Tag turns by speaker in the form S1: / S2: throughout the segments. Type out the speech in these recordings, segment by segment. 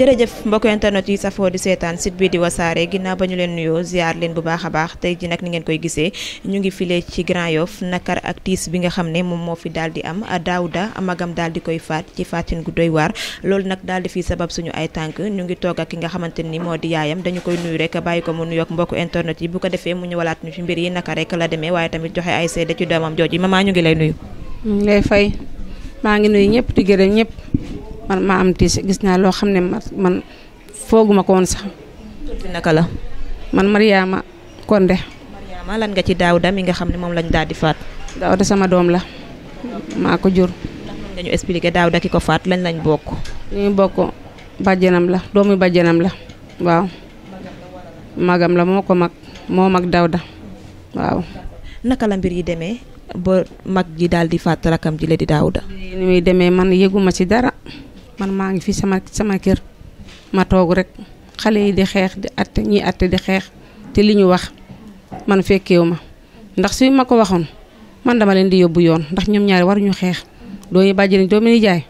S1: jërëjëf mbokk internet yi safoo di seetaan site bii di wasaare ginnaaw ba ñu leen nuyoo ziar leen bu baax a baax tey ji nag ni ngeen koy gisee ñu ngi file ci Grand Yoff nakar ak tiis bi nga xam ne moom moo fi daal di am Daouda magam daal di koy faat ci faatin gu doy waar loolu nag daal di fi sabab suñu ay tànk ñu ngi toog ak ki nga xamante ni moo di yaayam dañu koy nuyu rek bàyyi ko mu nuyoog mbokk internet yi bu ko defee mu ñu walaat ñu ci mbir yi naka rek la demee waaye tamit joxe ay seede ci doomam jooju maman ñu ngi lay nuyu
S2: ngi lay fay ñëpp di gërëm ñëpp man maa am tiis gis naa loo xam ne man fooguma ko woon sax. tur bi naka la. man Mariama Konde. Mariama
S1: lan nga ci Daouda mi nga xam ne moom lañ daal di faat. Daouda
S2: sama doom la maa ko jur. ndax mën nga ñu ko faat lañ lañ bokk. li ñu la doomu bàjjanam la waaw. magam la moo ko mag moo mag Daouda waaw. naka la mbir yi demee ba mag ji daal di faat rakam ji la di Daouda. man yëguma ci dara. man maa ngi fi sama sama kër ma toog rek xale yi di xeex di atte ñiy atte di xeex te li ñu wax man fekkeewu ma ndax si ma ko waxoon man dama leen di yóbbu yoon ndax ñoom ñaari waruñu xeex dooñu bàjjëriñ doo mel ni jaay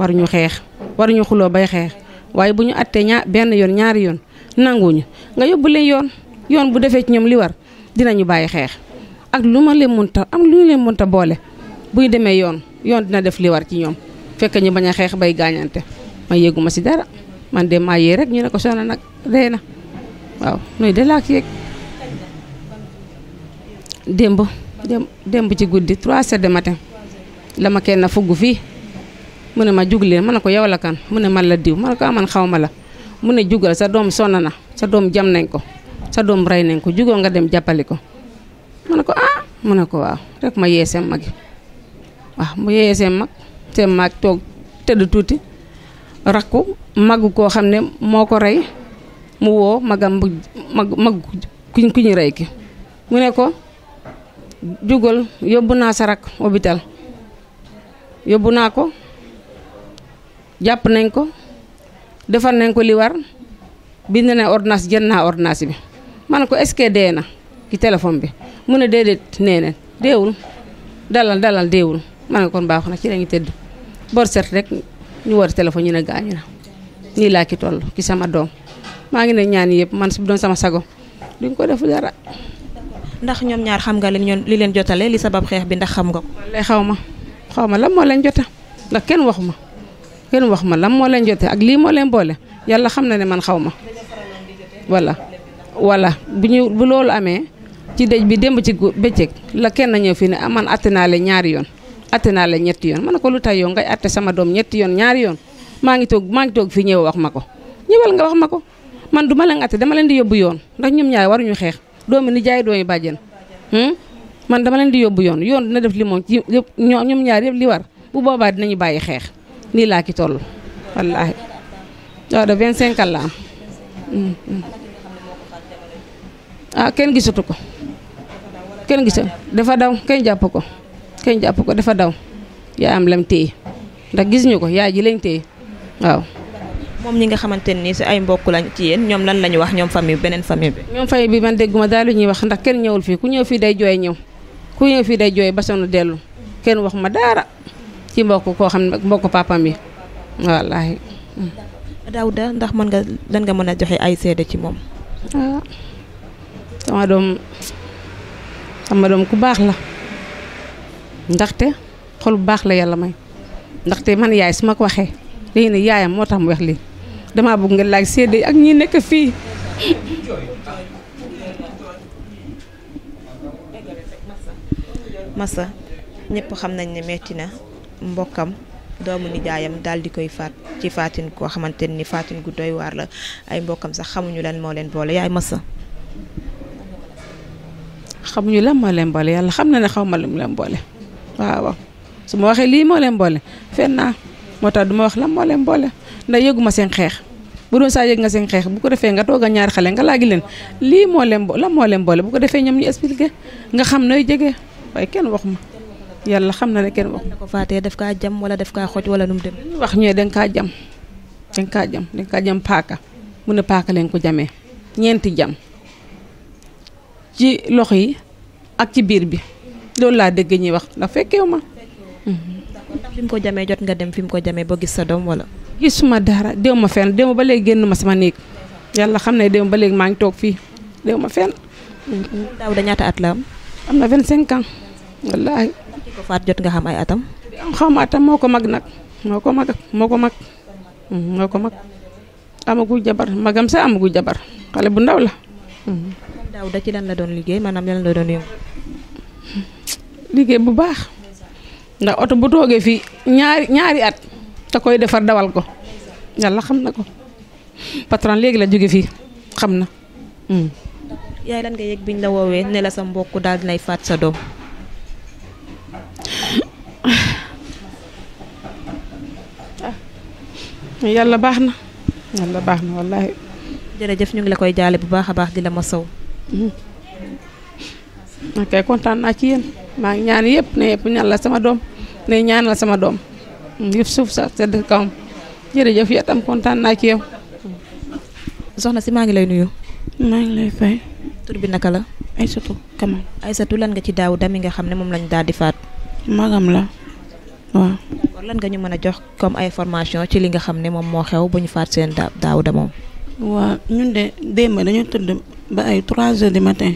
S2: waruñu xeex waruñu xuloo bay xeex waaye bu ñu attee ñaar benn yoon ñaari yoon nanguñu nga yóbbu leen yoon yoon bu defee ci ñoom li war dinañu bàyyi xeex ak lu ma leen mënta am lu ñu leen mënta boole buy ñu demee yoon yoon dina def li war ci ñoom. fekk ñu bañ a xeex bay gaañante ma yéeguma si dara man de maa yee rek ñu ne ko soxna nag dee na waaw nuy de laak yéeg ci guddi 3 de matin la ma kenn fugg mu ne ma jug leen ma ne ko yow mu ne man la diw ma ne ko ah, la mu ne jugal sa doom sonn na sa doom jam nañ ko sa doom rey nañ ko jugal nga dem jàppali ko ma ne ko ah mu ne ko waaw rek ma yeesee magi waaw mu yeesee mag te maag toog tëdd tuuti rakku mag koo xam ne moo ko rey mu woo magam mag mag kuñ ku ñu rey ki mu ne ko jugal yóbbu naa sa rakk hôpital yóbbu naa ko jàpp nañ ko defar nañ ko li war bind na ordonnance jënd naa ordonnance bi ma man ko est dee na ki téléphone bi mu ne déedéet nee na dalal dalal deewul man ne kon baax na ci la tëdd bor set rek ñu war téléphone ñu ne gaañu na nii laa ki toll ki sama doom maa ngi ne ñaan yëpp man su doon sama sago duñ ko def dara. ndax ñoom ñaar xam nga li ñu li leen jotale li sabab xeex bi ndax xam nga ko. lay xaw ma xaw ma lan moo leen jota ndax kenn waxu ma kenn wax ma lan moo jotee ak lii moo leen boole yàlla xam na ne man xaw ma. voilà voilà bu ñu bu loolu amee ci dëj bi démb ci bëccëg la kenn ñëw fii ne am ah, man atte naa leen ñaari yoon. atte naa la ñetti yoon man ne ko lu tay yow ngay atte sama doom ñetti yoon ñaari yoon maa ngi toog maa ngi toog fii ñëw wax ma ko ñëwal nga wax ma ko man du ma leen atte dama leen di yóbbu yoon ndax ñoom ñaar waruñu xeex doomi ni jaay doomi bàjjen hmm? man dama leen di yóbbu yoon yoon dina def li moom ci ñoom ñaar yëpp li war bu boobaa dinañu bàyyi xeex nii laa ki toll wallaahi waaw de 25 ans la am hmm, hmm. Ah, kenn gisatu ko kenn gisatu dafa daw kenn jàpp ko kenn jàpp ko dafa daw yaa am lam téye ndax gis ñu ko yaay ji lañ téye waaw.
S1: moom ñi nga xamante ni si ay mbokk lañ ci yéen ñoom lan la ñu wax ñoom famille beneen famille bi.
S2: ñoom famille bi man dégguma daal lu ñuy wax ndax kenn ñëwul fii ku ñëw fii day jooy ñëw ku ñëw fii day jooy ba sonn dellu kenn wax ma dara ci mbokk koo xam ne mbokk papam yi wallaahi. Daouda ndax mën nga lan nga mën a joxe ay seede ci moom. Ah, sama doom sama doom ku baax la. ndaxte xol bu baax la yàlla may ndaxte man yaay su ma ko waxee dañu ne yaayam moo tax mu wex lii damaa bëgg nga laaj seede ak ñii nekk fii.
S1: Massa ñëpp xam nañ ne metti na mbokkam doomu nijaayam daal di koy faat ci faatin koo xamante ni faatin gu doy waar la
S2: ay mbokkam sax xamuñu lan moo leen boole yaay Massa. xamuñu lan moo leen boole yàlla xam na ne xaw ma lu mu leen boole. waaw su ma waxee lii moo leen boole fen naa moo tax du ma wax lan moo leen boole ndax yëguma seen xeex bu doon saa yëg nga seen xeex bu ko defee nga toog a ñaar xale nga laagi leen lii moo leen bo lan moo leen boole bu ko defee ñoom ñu expliqué nga xam nooy jege waaye kenn waxuma yàlla xam na ne kenn wax waxuma. ko faatee def kaa jam wala def kaa xoj wala nu mu dem wax ñu ne kaa jam da kaa jam da kaa jam paaka mu ne paaka leen ko jamee ñeenti jam ci loxo yi ak ci biir bi. loolu laa dégg ñuy wax ndax fekkeew ma. d'accord ko
S1: jamee jot nga dem fi mu ko jamee ba gis sa doom wala.
S2: gisuma dara déw ma fenn déw ma ba léegi génn ma sama néeg yàlla xam ne déw ba léegi maa ngi toog fii déw ma fenn. Mm-hmm. daaw da ñaata at la am. am na 25 ans. wallaahi. jot nga xam ay atam. xam atam moo ko mag nag moo ko mag moo ko mag mm-hmm. moo ko mag amagu jabar magam sax amagu jabar xale bu ndaw la. Mm-hmm.
S1: daaw da ci lan la doon liggéey maanaam lan la doon yëngu.
S2: liggéey bu baax ndax oto bu toogee fii ñaari ñaari at te koy defar dawal ko yàlla xam na ko patron léegi la jóge fii xam na. Hmm.
S1: yaay lan biñ la woowee ne la sa mbokk daal dinay faat sa doom. Ah. yàlla baax na yàlla baax na wallaahi. jërëjëf ñu ngi la koy jaale bu baax a baax di la ma sow.
S2: Hmm. ok kontaan naa ci yéen. maa ngi ñaan yëpp ne yëpp la sama doom ne la sama doom yëpp suuf sa sedd kawam jërëjëf ya tam kontaan naa ci yow. soxna si maa ngi lay nuyu. maa ngi lay fay. tur bi naka la. Aysatu ay
S1: Aysatu lan nga ci daaw dami nga xam ne moom lañu daal di faat.
S3: magam la waaw.
S1: kon lan nga ñu mën a jox comme ay formation ci li nga xam ne moom moo xew ba ñu faat seen daaw da moom.
S3: waaw ñun de démb dañu tëdd ba ay 3 heures du matin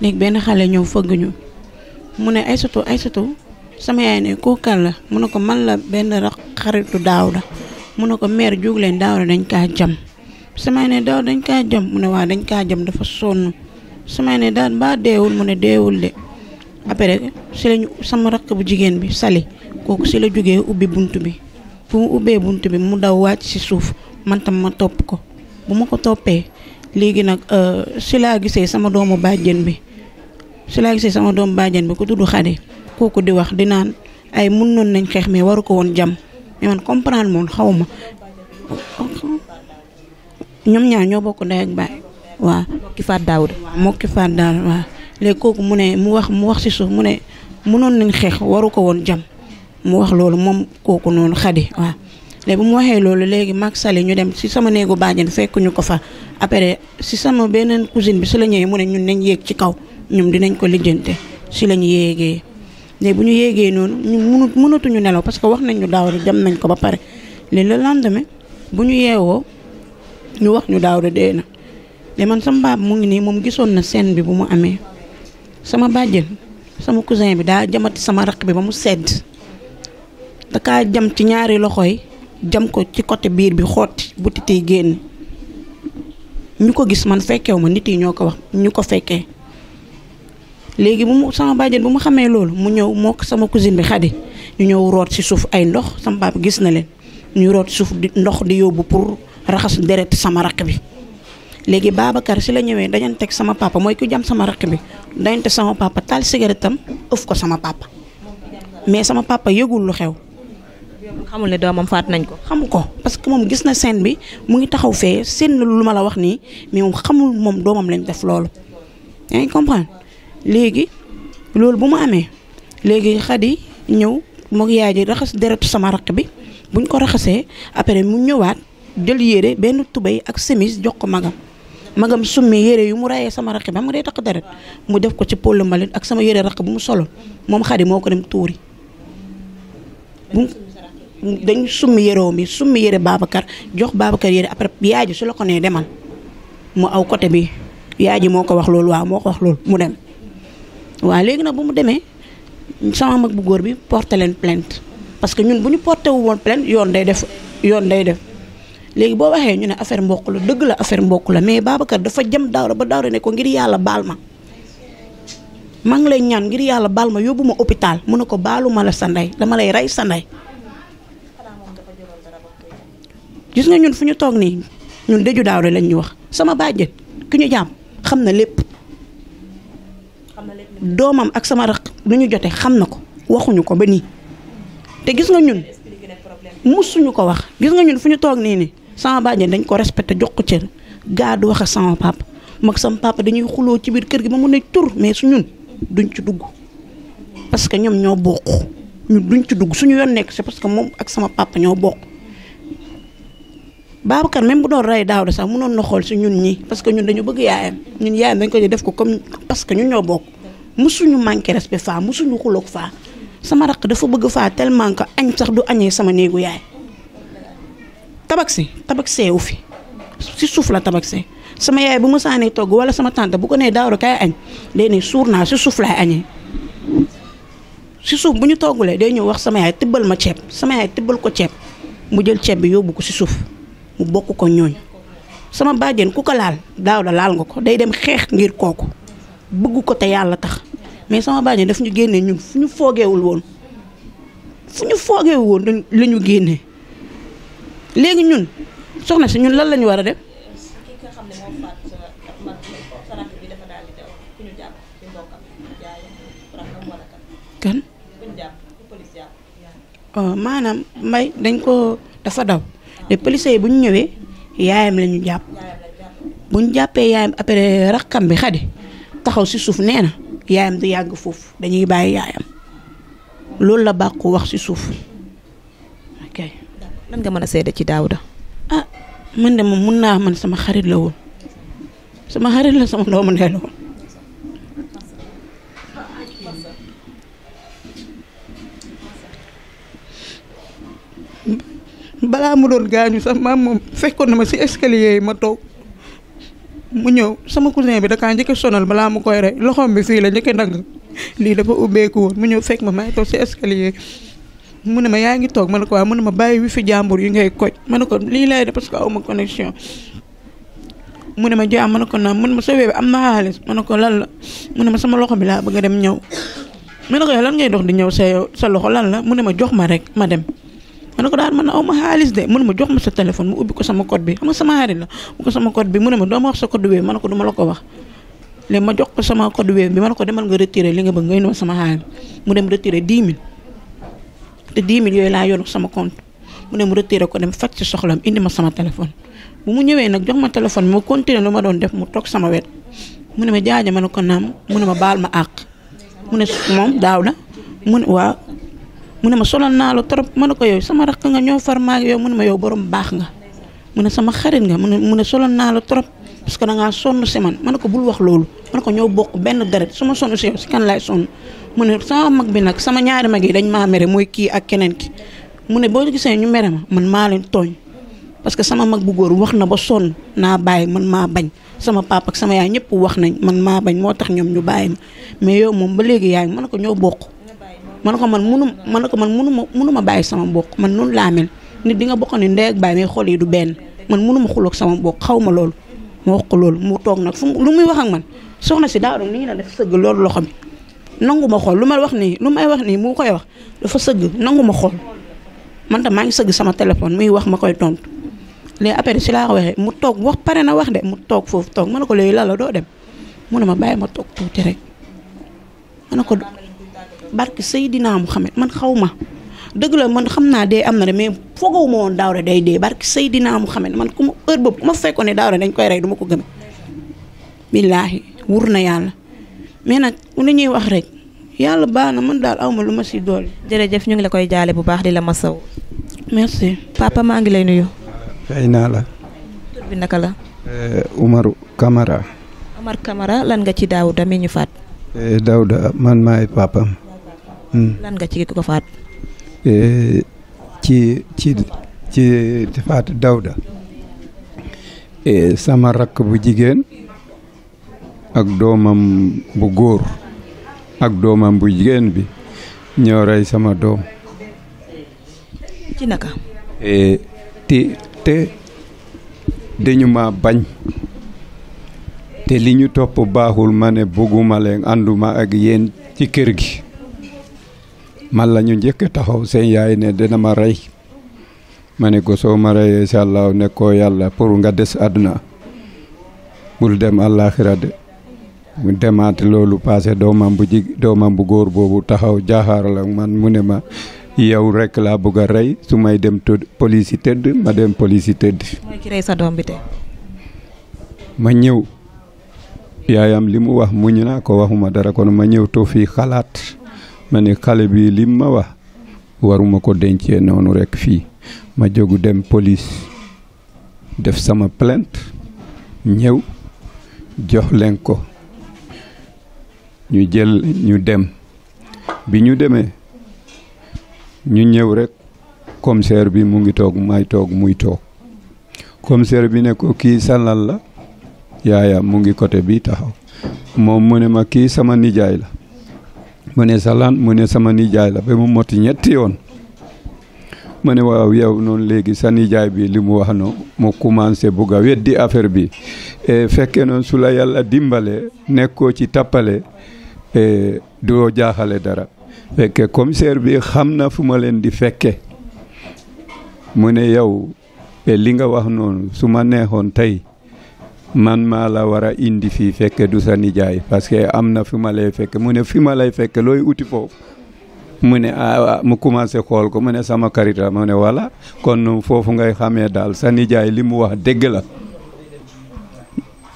S3: léegi benn xale ñëw fëgg mu ne Aysatu Aysatu sama yaay ne koo la mu ne ko man la benn rax xaritu la mu ne ko meer jóg leen Daawda dañ kaa jam sama yaay ne daaw dañ kaa jam mu ne waa dañ kaa jam dafa sonn sama yaay ne daal ba deewul mu ne deewul de après si lañu sama rakk bu jigéen bi sali kooku ci la jógee ubbi bunt bi fu mu ubbee bunt bi mu daw wàcc si suuf man ma topp ko bu ma ko toppee léegi nag euh, si laa gisee sama doomu bàjjen bi si laa gisee sama doom bàjjen bi ku tudd xadi kooku di wax di naan ay mun noon nañ xeex mais waru ko woon jam mais man comprendre xaw ma ñoom ñaar ñoo bokk ndey ak waaw ki faat daawuda waaw moo ki faat daal kooku mu ne mu wax mu wax si suuf mu ne mënoon nañ xeex waru ko woon jam mu wax loolu moom kooku noonu xadi waa léegi bu mu waxee loolu léegi mag sali ñu dem si sama néegu bàjjen fekkuñu ko fa après si sama beneen cousine bi si la ñëwee mu ne ñun nañ yéeg ci kaw ñoom dinañ ko lijjante si la ñu yéegee léegi bu ñu yéegee noonu ñu mënu mënatuñu nelaw parce que wax nañ ñu daaw rek dem nañ ko ba pare léegi la lendemain bu ñu yeewoo ñu wax ñu daaw de dee na mais man sama baab mu ngi nii moom gisoon na seen bi bu mu amee sama bàjjen sama cousin bi daa jamati sama raq bi ba mu sedd da kaa jam ci ñaari loxo yi jam ko ci côté biir bi xotti butit yi génn ñu ko gis man fekkew ma nit yi ñoo ko wax ñu ko fekkee léegi bu mu sama bàjjen bu mu xamee loolu mu ñëw moo sama cousine bi xadi ñu ñëw root ci suuf ay ndox sama papa gis na leen ñu root suuf di ndox di yóbbu pour raxas deret sama rakk bi léegi Babacar si la ñëwee dañu teg sama papa mooy ku jam sama rakk bi dañu sama papa taal cigarette am ëf ko sama papa mais sama papa yëgul lu xew. xamul ne doomam faat nañ ko. xamu ko parce que moom gis na seen bi mu ngi taxaw fee seen lu ma la wax nii mais xamul moom doomam lañ def loolu léegi loolu bu mu amee léegi xadi ñëw moog yaay ji raxas deretu sama rakk bi buñ ko raxasee après mu ñëwaat jël yére benn tubéy ak semis jox ko magam magam summi yére yu mu rayee sama raq bi xam nga day takk deret mu def ko ci pôle mbalit ak sama yére raq bu mu solo moom xadi moo ko dem tuuri bu dañ summi yérewoom bi summi yére Babacar jox Babacar yére après yaay ji su la ko nee demal mu aw côté bi yaay ji moo ko wax loolu waaw moo ko wax loolu mu dem waaw léegi nag bu mu demee sama mag bu góor bi porté leen plainte parce que ñun bu ñu porté wu woon yoon day def yoon day def léegi boo waxee ñu ne affaire mbokk la dëgg la affaire mbokk la mais Babacar dafa jëm Daouda ba dawra ne ko ngir yàlla baal ma maa ngi lay ñaan ngir yàlla baal ma yóbbu ma hôpital mu ne ko baalu ma la sa ndey dama lay rey sa ndey gis nga ñun fu ñu toog nii ñun dëju Daouda lañ ñu wax sama bàjjen ki ñu jaam xam na lépp. doomam ak sama rakk lu ñu jotee xam na ko waxuñu ko ba nii te gis nga ñun musuñu ko wax gis nga ñun fu ñu toog nii nii sama bàjjen dañ ko respecté jox ko cër gaa du wax a sama papa mag sama papa dañuy xuloo ci biir kër gi ba mu ne tur mais su ñun duñ ci dugg parce que ñoom ñoo bokk ñu duñ ci dugg suñu yoon nekk c'est parce que moom ak sama papa ñoo bokk Babacar même bu doon rey daaw de sax mënoon na xool si ñun ñi parce que ñun dañu bëgg yaayam ñun yaayam dañ ko def ko comme parce que ñun ñoo bokk. musuñu manqué respect faa musuñu xuloog faa sama raq dafa bëgg faa tellement ko añ sax du añee sama néegu yaay tabaxi tabaxee wu fi si suuf la tabaxee sama yaay bu ma saanee togg wala sama tante bu ko nee daaw rek añ day ne suur naa si suuf lay añee si suuf bu ñu toggulee day ñëw wax sama yaay tibbal ma ceeb sama yaay tibbal ko ceeb mu jël ceeb bi yóbbu ko si suuf mu bokk ko ñooñ sama bàjjen ku ko laal daaw la laal nga ko day dem xeex ngir kooku. bëgg ko te yàlla tax mais sama bàjjen daf ñu génnee ñun fu ñu foogeewul woon fu ñu foogeewul woon dañ la ñu génnee léegi ñun soxna si ñun lan la ñu war a de kan oh, maanaam mbay dañ ko dafa daw te police yi bu ñu ñëwee yaayam la ñu jàpp bu ñu jàppee yaayam après rakkam bi xadi taxaw si suuf nee na yaayam di yàgg foofu dañuy bàyyi yaayam loolu la bàqu wax si suuf ok. lan nga mën a seede ci Daouda. ah mën de moom mun naa man sama xarit la woon sama xarit la sama doomu ndey la woon balaa mu doon gaañu sax maam moom fekkoon na ma si escalier yi ma toog. mu ñëw sama cousin bi da kaa njëkk sonal balaa mu koy rey loxoom bi fii la njëkk ndang lii dafa ubbeeku woon mu ñëw fekk ma may toog si escalier mu ne ma yaa ngi toog ma ne ko waaw mu ne ma bàyyi wi fi jàmbur yi ngay koj ma ne ko lii laay def parce que awma connexion mu ne ma jaam ma ne ko naam mu ma sa wéy bi am na xaalis ma ne ko lan la mu ne ma sama loxo bi laa bëgg a dem ñëw ma ne ko lan ngay dox di ñëw sa sa loxo lan la mu ne ma jox ma rek ma dem ma ne ko daal man aw ma xaalis de mun ma jox ma sa téléphone mu ubbi ko sama code bi xam nga sama xarit mu ko ne ma doo jox ko sama code bi ma ne ko demal nga retiré li nga bëgg ngay noo sama xaalis mu dem retiré 10 000 te 10 000 yooyu laa yor sama compte mu ne mu retiré ko dem faj ci indi ma sama téléphone bu mu ñëwee nag jox ma téléphone ma continué lu ma doon def mu toog sama wet mu ne ma jaaja ma ne ko naam mu ne ma baal ma àq mu ne moom daaw la mu ne waaw mu ne ma solal naa la trop ma ne ko yow sama rakk nga ñoo far maag yow mu ne ma yow borom baax nga mu ne sama xarit nga mu ne mu ne naa la trop parce que sonn si ma ne ko bul wax loolu ma ko ñoo bokk benn deret su ma sonn kan laay sonn mu sama mag bi nag sama ñaari mag yi dañ maa mere mooy kii ak keneen ki mu ne boo gisee ñu mere man maa leen tooñ parce que sama mag bu góor wax na ba sonn naa bàyyi man maa bañ sama papa ak sama yaay ñëpp wax nañ man maa bañ moo tax ñoom ñu bàyyi ma mais yow moom ba léegi yaay ma ne ko ñoo bokk ma na ko man munu ma ne ko man munu bàyyi sama mbokk man noonu laa mel nit di nga bokk ne ndey ak baay mais xol yi du benn man munuma xulook sama mbokk xawma loolu ma wax ko loolu mu toog nag fu lu muy wax ak man soxna si daa doon nii la def sëgg loolu loxo bi nangu ma xool lu ma wax nii lu may wax nii mu koy wax dafa sëgg nangu ma xool man tam maa ngi sëgg sama téléphone muy wax ma koy tontu léegi après si laa waxee mu toog wax pare na wax de mu toog foofu toog ma na ko léegi la la doo dem mu ma bàyyi ma toog tuuti rek ko barke Seydina Muhammad man xaw ma dëgg la man xam naa dee am na de mais foogoo ma woon Daouda day dee barke Seydina Muhammad man ku ma heure boobu ku ma fekkoon ne Daouda dañ koy rey du ma ko gëm. billaahi wur na yàlla mais nag lu ñuy wax rek yàlla baax na man daal awma lu ma si dool jërëjëf ñu ngi la koy jaale bu baax di la masaw.
S1: merci. papa maa ngi lay nuyu. fay naa la. tur bi naka la.
S4: Eh, Umaru Camara.
S1: Omar Camara lan nga ci Daouda mi ñu faat.
S4: Eh, Daouda man maay papam lan nga ci eh, ci ci ci faat Dawda. Eh, sama rakk bu jigéen ak doomam bu góor ak doomam bu jigéen bi ñoo rey sama doom. ci naka. Eh, te dañu ma bañ te li ñu topp baaxul ma ne bëgguma leen ànduma ak yéen ci kër gi man la ñu njëkk taxaw seen yaay ne dina ma rey ma ne ko soo ma reyee incha allah ne yàlla pour nga des àdduna bul dem àllaaxira de mu demaat loolu passé doomam bu jig doomam bu góor boobu taxaw jaaxaar man mu ne ma yow rekk laa bëgg a rey su may dem tëdd police yi tëdd ma dem police tëdd. ma ñëw yaayam li mu wax muñ naa ko waxuma dara kon ma ñëw to fii xalaat. ma ni xale bii lim ma wax waruma ko dencee noonu rekk fii ma jógu dem police def sama plainte ñëw jox leen ko ñu jël ñu dem bi ñu demee ñu ñëw rekk commissaire bi mu ngi toog may toog muy toog commissaire bi ne ko kii salal la yaayam mu ngi côté bi taxaw moom mu ne ma kii sama nijaay la mu ne salaan mu ne sama nijaay la ba mu moti ñetti yoon mu ne waaw yow noonu léegi sa nijaay bi li mu wax no mu commencé bugg a weddi affaire bi e fekkee noonu su la yàlla dimbale nekkoo ci tappale e doo jaaxale dara fekke commissaire bi xam na fu ma leen di fekke mu ne yow e li nga wax noonu su ma neexoon tey man maa la war a indi fii fekke du sa nijaay parce que am na fi ma lay fekk mu ne fi ma lay fekk looy uti foofu mu ne a ah, ah, mu commencé xool ko mu ne sama xarit la mu ne voilà kon foofu ngay xamee daal sa nijaay li mu wax dëgg la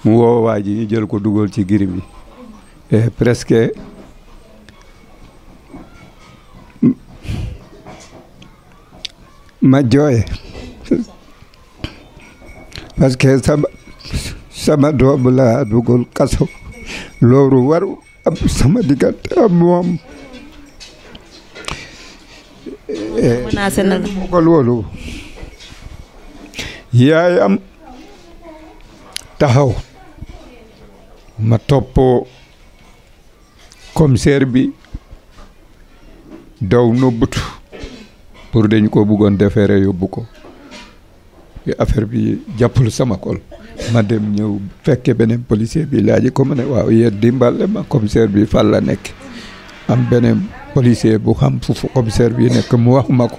S4: mu woo ji ñu jël ko dugal ci giri bi presque ma jooy parce que sama doom laa dugal kaso loolu waru am sama diggante am moom. Eh, menacé na la ko yaay am taxaw ma toppoo commissaire bi daw nëbbutu pour dañ ko buggoon defeere yóbbu ko affaire bi jàppul sama kol ma dem ñëw fekke beneen policier bi laaji ko ma ne waaw yéen dimbale ma commissaire bi fan la nekk am beneen policier bu xam fu commissaire bi nekk mu wax ma ko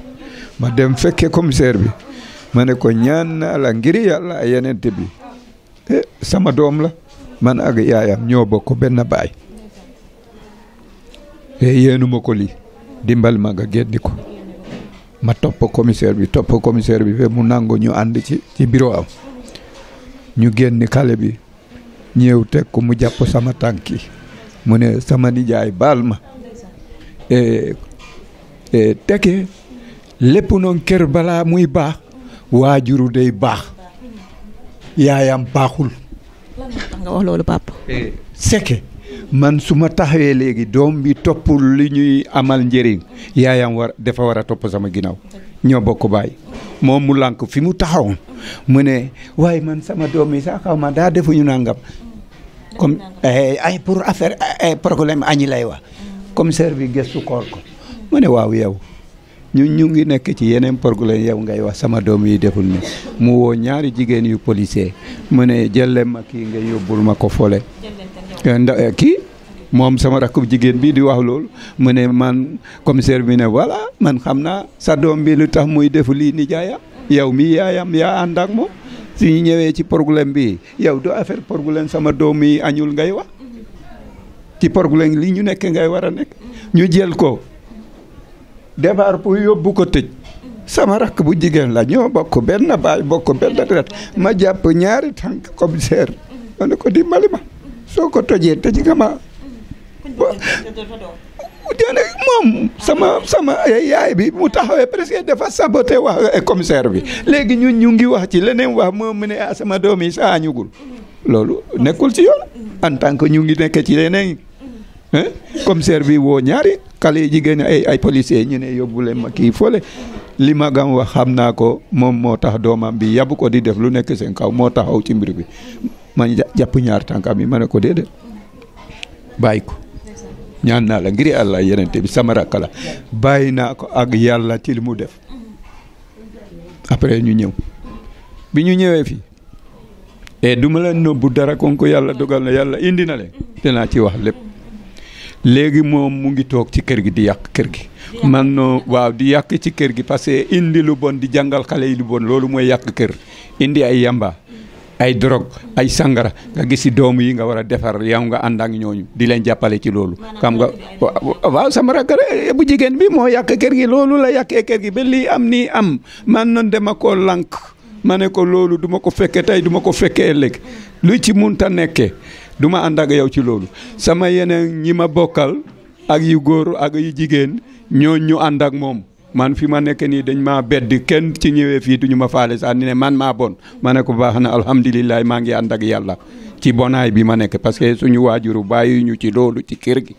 S4: ma dem fekke commissaire bi ma ne ko ñaan naa la ngir yàlla a yeneen bi e, sama doom la man ak yaayam ñoo bokk benn baay te yéenuma ko lii dimbal ma nga génni ko ma topp commissaire bi topp commissaire bi fe mu nangu ñu ànd ci ci bureau am ñu génn xale bi ñëw teg ko mu jàpp sama tànki mu ne sama nijaay baal ma e, e, teke lépp noon kër balaa muy baax waajuru day baax yaayam baaxul nga wax e, seke man su ma taxawee léegi doom bi toppul li ñuy amal njëriñ yaayam war dafa war a topp sama ginnaaw ñoo bokk baay moom mu lànk fi mu taxaw mu ne waaye man sama doom yi sax xaw ma daa defuñu nangam comme eh, ay pour affaire ay eh, problème añi lay wax commissaire bi gëstu koor ko mu ne waaw yow ñu ñu ngi nekk ci yeneen problème yow ngay wax sama doom yi deful ni mu woo ñaari jigéen yu policier mu ne jël leen ma kii nga yóbbul ma ko fole moom sama rakku jigéen bi di wax loolu mu ne man commissaire bi ne voilà man xam naa sa doom bi lu tax muy defu lii nijaayam yow mi yaayam yaa ànd ak moom ñu ñëwee ci problème bi yow du affaire problème sama doom yi añul ngay wax ci problème li ñu nekkee ngay war a nekk ñu jël ko départ pour yóbbu ko tëj sama rakk bu jigéen la ñoo bokk benn baay bokk benn deret ma jàpp ñaari tànk commissaire ma ne ko dimbali ma soo ko tojee tëj nga ma
S5: déedéet
S4: moom sama sama yaay bi mu taxawee presque dafa saboté wax commissaire bi léegi ñun ñu ngi wax ci leneen wax moo mu ne a ah, sama doom yi saa ñugul loolu nekkul ci yoon en tant que ñu ngi nekk ci leneen commissaire bi woo ñaari xale jigéen ay ay policier ñu ne yóbbu leen ma kii fole li ma gam wax xam naa ko moom moo tax doomam bi yabu ko di def lu nekk seen kaw moo taxaw ci mbiru bi man jàpp ñaar tànkam yi ma ne ko déedéet bàyyi ko. ñaan naa la ngir yàlla yenente bi sama rakk la bàyyi naa ko ak yàlla ci li mu def après ñu ñëw bi ñu ñëwee fii e eh, du ma leen nëbbu dara kon ko yàlla dogal na yàlla indi na leen dinaa ci wax lépp léegi moom mu ngi toog ci kër gi di yàq kër gi man no waaw di yàq ci kër gi parce que indi lu bon di jàngal xale yi lu bon loolu mooy yàq kër indi ay yàmbaa ay dorog ay sangara nga gis si doom yi nga war a defar yow nga ànd ak ñooñu di leen jàppale ci loolu. xam nga waaw sama rakk bu jigéen bi moo yàq kër gi loolu la yàqee kër gi ba lii am nii am man noonu dama koo lànk ma ne ko loolu duma ko fekkee tey duma ma ko fekkee ëllëg lu ci munta nekkee du ma ànd ak yow ci loolu sama yeneen ñi ma bokkal ak yu góor ak yu jigéen ñoo ñu ànd ak moom. man fi ma nekk nii dañ maa bedd kenn ci ñëwee fii duñu ma faale sax ni ne man maa bon ma ne ko baax na alhamdulilah maa ngi ànd ak yàlla ci bonaay bi ma nekk parce que suñu waajuru bàyyi ñu ci loolu ci kër gi.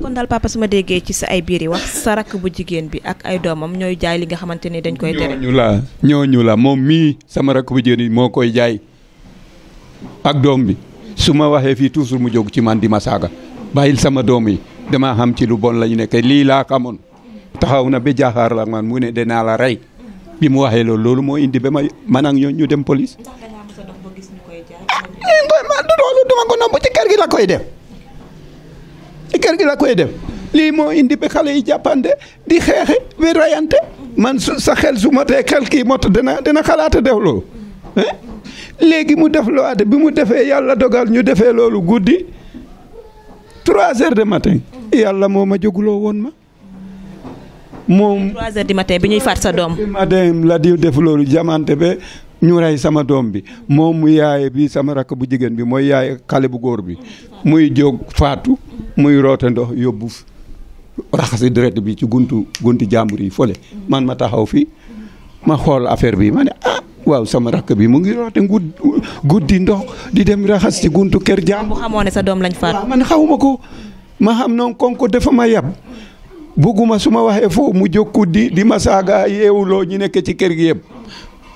S1: kon daal papa su ma déggee ci sa ay biir yi wax sa rakk bu jigéen bi ak ay doomam ñooy jaay li nga xamante ni dañ koy tere.
S4: ñooñu la ñooñu la moom mii sama rakk bu jigéen bi moo koy jaay ak doom bi su ma waxee fii toujours mu jóg ci man di ma saaga bàyyil sama doom yi damaa xam ci lu bon la ñu nekk lii laa xamoon. taxaw na ba jaaxaar la man mu ne danaa la rey bi mu waxee loolu loolu moo indi ba ma man ak ñoo ñu dem police. ndax eh, man loolu duma ko nangu ci kër gi la koy def ci kër gi la koy def lii moo indi ba xale yi jàppante di xeexi bi rayante man sa xel su motee xel kii mot dina dina xalaata def loolu. Eh? léegi mu def loade bi mu defee yàlla dogal ñu defee loolu guddi trois heures de matin. yàlla moo ma jóguloo woon ma. moom. 3 heures du bi ñuy faat sa doom. matin la di def loolu jamante ba ñu rey sama doom bi moom mu yaaye bi sama rakk bu jigéen bi mooy yaaye xale bu góor bi muy jóg faatu muy roote ndox yóbbu raxasi deret bi ci guntu gunti jàmbur yi fële man ma taxaw fi ma xool affaire bi ma ah, waaw sama rakk bi mu ngi roote ngud guddi ndox di dem raxas ci guntu kër jàmbur.
S1: bu xamoo ne sa doom lañ faat.
S4: man xawma ko ma xam noonu konk dafa ma yab. bugguma su ma waxee foofu mu jokku di di ma saaga yeewuloo ñu nekk ci kër gi yëpp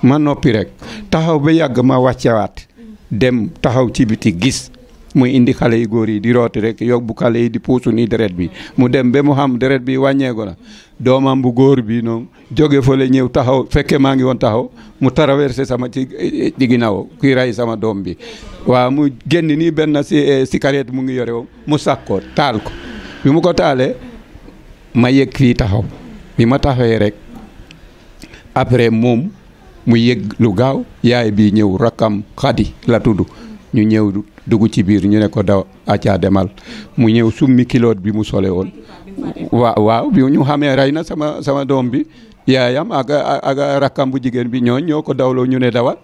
S4: ma noppi rek taxaw ba yàgg ma wàccewaat dem taxaw ci biti gis muy indi xale yu góor yi di rooti rek yóbbu xale yi di puusu nii deret bi mu dem ba mu xam deret bi wàññeeku na doomam bu góor bi noonu jóge fële ñëw taxaw fekke maa ngi woon taxaw mu traversé sama ci eh, ci ginnaaw kuy ray sama doom bi waa mu génn nii benn si cigarette eh, mu ngi yore mu sàkk taal ko mu ko ma yëg fii taxaw bi ma taxawee rek après moom mu yëg lu gaaw yaay bii ñëw rakkam xadi la tuddu ñu ñëw dugg ci biir ñu ne ko daw acca demal mu ñëw summi kiloot bi mu sole woon waaw waaw bi ñu xamee rey na sama sama doom bi yaayam ak ak rakkam bu jigéen bi ñooñ ñoo ko dawloo ñu ne dawal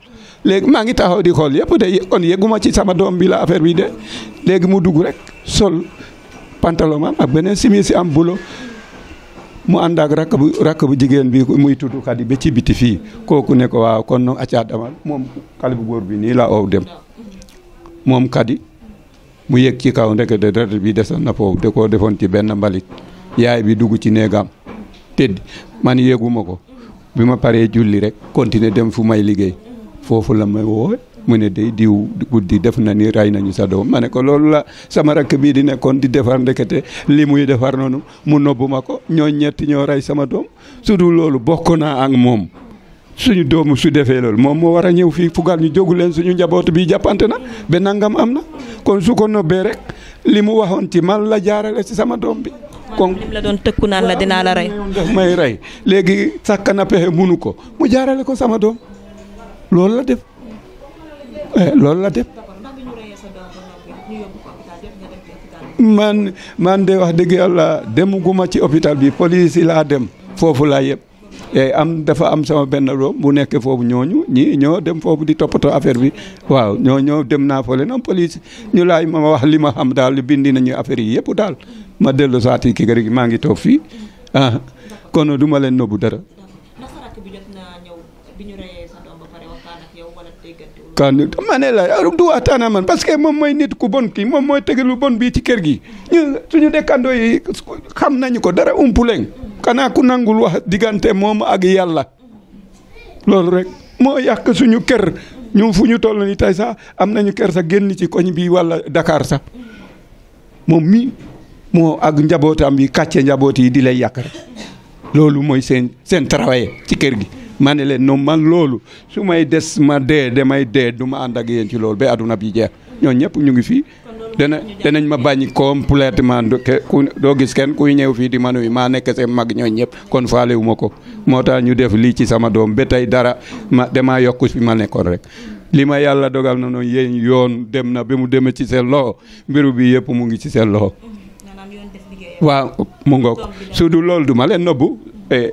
S4: léegi maa ngi taxaw di xool yëpp de kon yëguma ci sama doom bi la affaire bi de léegi mu dugg rek sol pantalon am ak beneen simis am bulo mu ànd ak rakk bu bu jigéen bi muy tudd Khady ba ci biti fii kooku ne ko waaw kon noonu acca damal moom xale bu góor bi nii la ow dem moom Khady mu yëg ci kaw ndeke de deret bi desoon na foofu da koo defoon ci benn mbalit yaay bi dugg ci néegam tëdd man yéeguma ko bi ma paree julli rek continuer dem fu may liggéey foofu la may woo mu ne day diw di def na ni ray nañu sa doom ma ne ko loolu la sama rakk bii di nekkoon di defar ndekete li muy defar noonu mu nobbu ko ñoo ñetti ñoo ray sama doom su dul loolu bokkoon naa ak moom suñu doomu su defee loolu moom moo war a ñëw fii fugal ñu jógu leen suñu njaboot bi jàppante na ba nangam am na kon su ko nobbee rek li mu waxoon ci man la jaarale si sama doom bi. kon
S1: doon tëkku naan la dinaa la rey. daf may
S4: rey léegi sakk na pexe munu ko mu jaarale ko sama doom loolu la def. Eh, loolu la def man man de wax dëgg yàlla demuguma ci hôpital bi police laa dem foofu laa yëpp e eh, am dafa am sama benn doom bu nekk foofu ñooñu ñi ñoo dem foofu di toppatoo affaire bi waaw ñoo ñoo dem naa fole noonu police ñu laay ma wax li ma xam daal bindi nañu affaire yi yëpp daal ma dellu saati kii maa ngi toog fii ah, kon du ma leen nëbbu dara kan ma ne la du waxtaan man parce que moom mooy nit ku bon kii moom mooy tege lu bon bii ci kër gi ñu suñu dëkkandoo yi xam nañu ko dara umpu leen xanaa ku nangul wax diggante moom ak yàlla loolu rek moo yàq suñu kër ñu fu ñu toll ni tey sax am nañu kër sax génn ci koñ bii wala dakaar sax moom mi moo ak njabootam bi kàcce njaboot yi di lay yàq rek loolu mooy seen seen travail ci kër gi ma ne leen noonu man loolu su may des ma dee damay dee du ma ànd ak yéen ci loolu ba aduna bi jeex ñoo ñëpp ñu ngi fii dana danañ ma bañ ku doo gis kenn kuy ñëw fii di ma nuyu maa nekk seen mag ñooñ ñëpp kon faale wu ma ko moo tax ñu def lii ci sama doom ba tey dara ma damaa yokku fi ma nekkoon rek li ma yàlla dogal na noonu yéen yoon dem na bi mu demee ci seen loxo mbiru bi yëpp mu ngi ci seen loxo waaw mu ngoog su du loolu du ma leen nobbu Eh,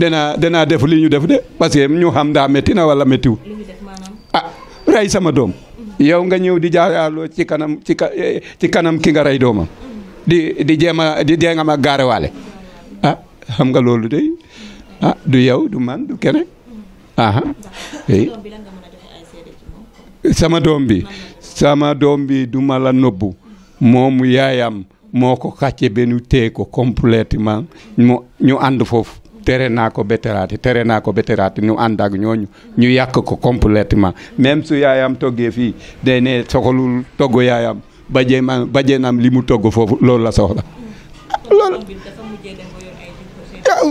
S4: danaa danaa def li ñu def de parce que ñu xam ndaa métti na wala méttiwu ah rey sama doom yow nga ñëw di jaaraaloo ci kanam eh, ci kanam ki nga ray doomam di di jéem a di jéem gaare gaarewaale ah xam nga loolu de ah du yow du man du keneen aha sama eh. doom bi sama doom bi du ma la nobbu moom yaayam moo ko xàcce ba ñu téye ko complètement mu ñu ànd foofu tere naa ko beteraati tere naa ko beteraati ñu ànd ak ñooñu ñu yàq ko complètement même su yaayam toggee fii day ne soxalul togg yaayam bajee ma bajee naam li mu togg foofu loolu la soxla loolu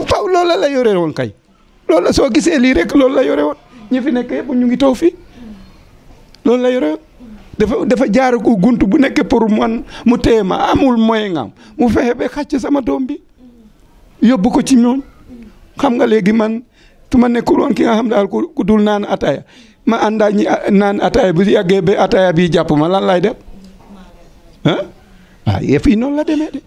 S4: faw loolu la yore woon kay lool la soo gisee lii rek loolu la yore woon ñi fi nekk yëpp ñu ngi toog fii loolu la yore woon dafa dafa jaare ko gunt bu nekk pour man mu téye ma amul moyen nga mu fexe ba xàcc sama doom bi yóbbu ko ci ñoom xam nga léegi man tu ma nekkul woon ki nga xam daal ku dul naan ataaya ma àndaa ñi naan ataaya bu yàggee ba ataaya bii jàpp ma lan lay def ah waaw yëf yi la demee de.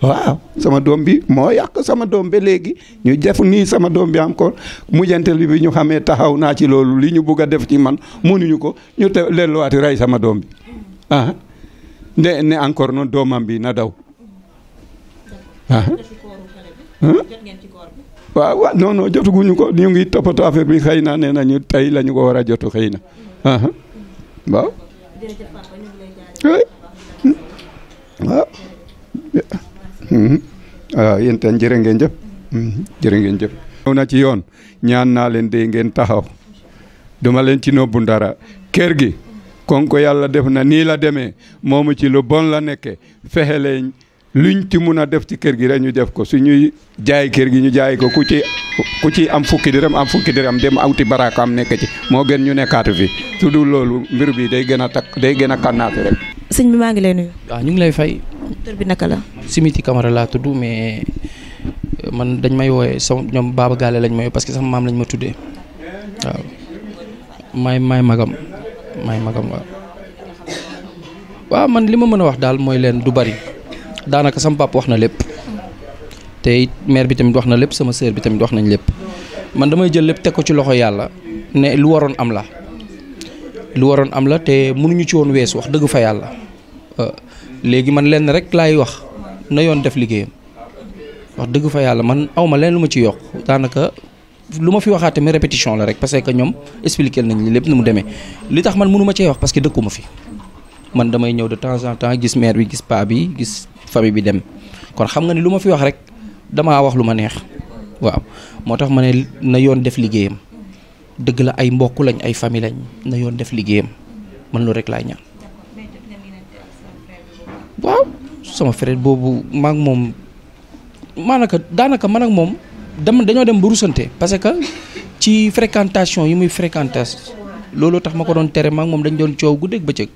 S4: waaw sama doom bi moo yàq sama doom bi léegi ñu jaf nii sama doom bi encore mujjantel bi ñu xamee taxaw naa ci loolu li ñu bugg a def ci man mënuñu ko ñu te delluwaati rey sama doom bi ah ne ne encore noonu doomam bi na daw ah waaw waaw non jotuguñu ko ñu ngi toppatoo affaire bi xëy na nee na ñu la lañu ko war a jotu xëy na ah. waaw hmm. waaw waaw mm-hmm. ah, yéen itam jërë ngeen jëf mm-hmm. jërë na ci yoon ñaan naa leen de ngeen taxaw duma leen ci nobbu ndara kër gi kon ko yàlla def na nii la demee moomu ci lu bon la nekke fexe leen lu ci mun a def ci kër gi rek ñu def ko suñuy jaay kër gi ñu jaay ko ku ci ku ci am fukki dërëm am fukki am dem awti baraaka am nekk ci moo gën ñu nekkaatu fi su loolu mbir bi day gën a takk day gën a kànnaate
S6: rek. sëñ bi maa ngi lay nuyu. Ah, ñu ngi lay fay. tur bi naka la. Simiti Camara laa tudd mais euh, man dañ may wooyee sama ñoom Baba lañ may parce que sama lañ ma tuddee waaw may magam maay magam waaw. man li ma mën a wax daal mooy leen du bari. daanaka sama papa wax na lépp te it bi tamit wax na lépp sama sœur bi tamit wax nañ lépp man damay jël lépp teg ko ci loxo yàlla ne lu waroon am la lu waroon am la te mënuñu ci woon wees wax dëgg fa yàlla euh, léegi man lenn rek laay wax na yoon def liggéeyam wax dëgg fa yàlla man awma leen lu ma ci yokk daanaka lu ma fi waxaat tamit répétition la rek parce que ñoom expliqué nañ lépp ni mu demee li tax man mënu cee wax parce que dëkkuma fi man damay ñëw de temps en temps gis maire bi gis paa bi gis famille bi dem kon xam nga ni lu ma fi wax rek damaa wax lu ma neex waaw moo tax ma ne na yoon def liggéeyam dëgg la ay mbokk lañ ay famille lañ na yoon def liggéeyam man loolu rek laa ñaan waaw sama frère boobu maa moom maanaka daanaka man ak moom dama dañoo dem ba rusante parce que ci fréquentation yi muy fréquentation loolu tax ma ko doon tere maa moom dañu doon coow guddeeg bëccëg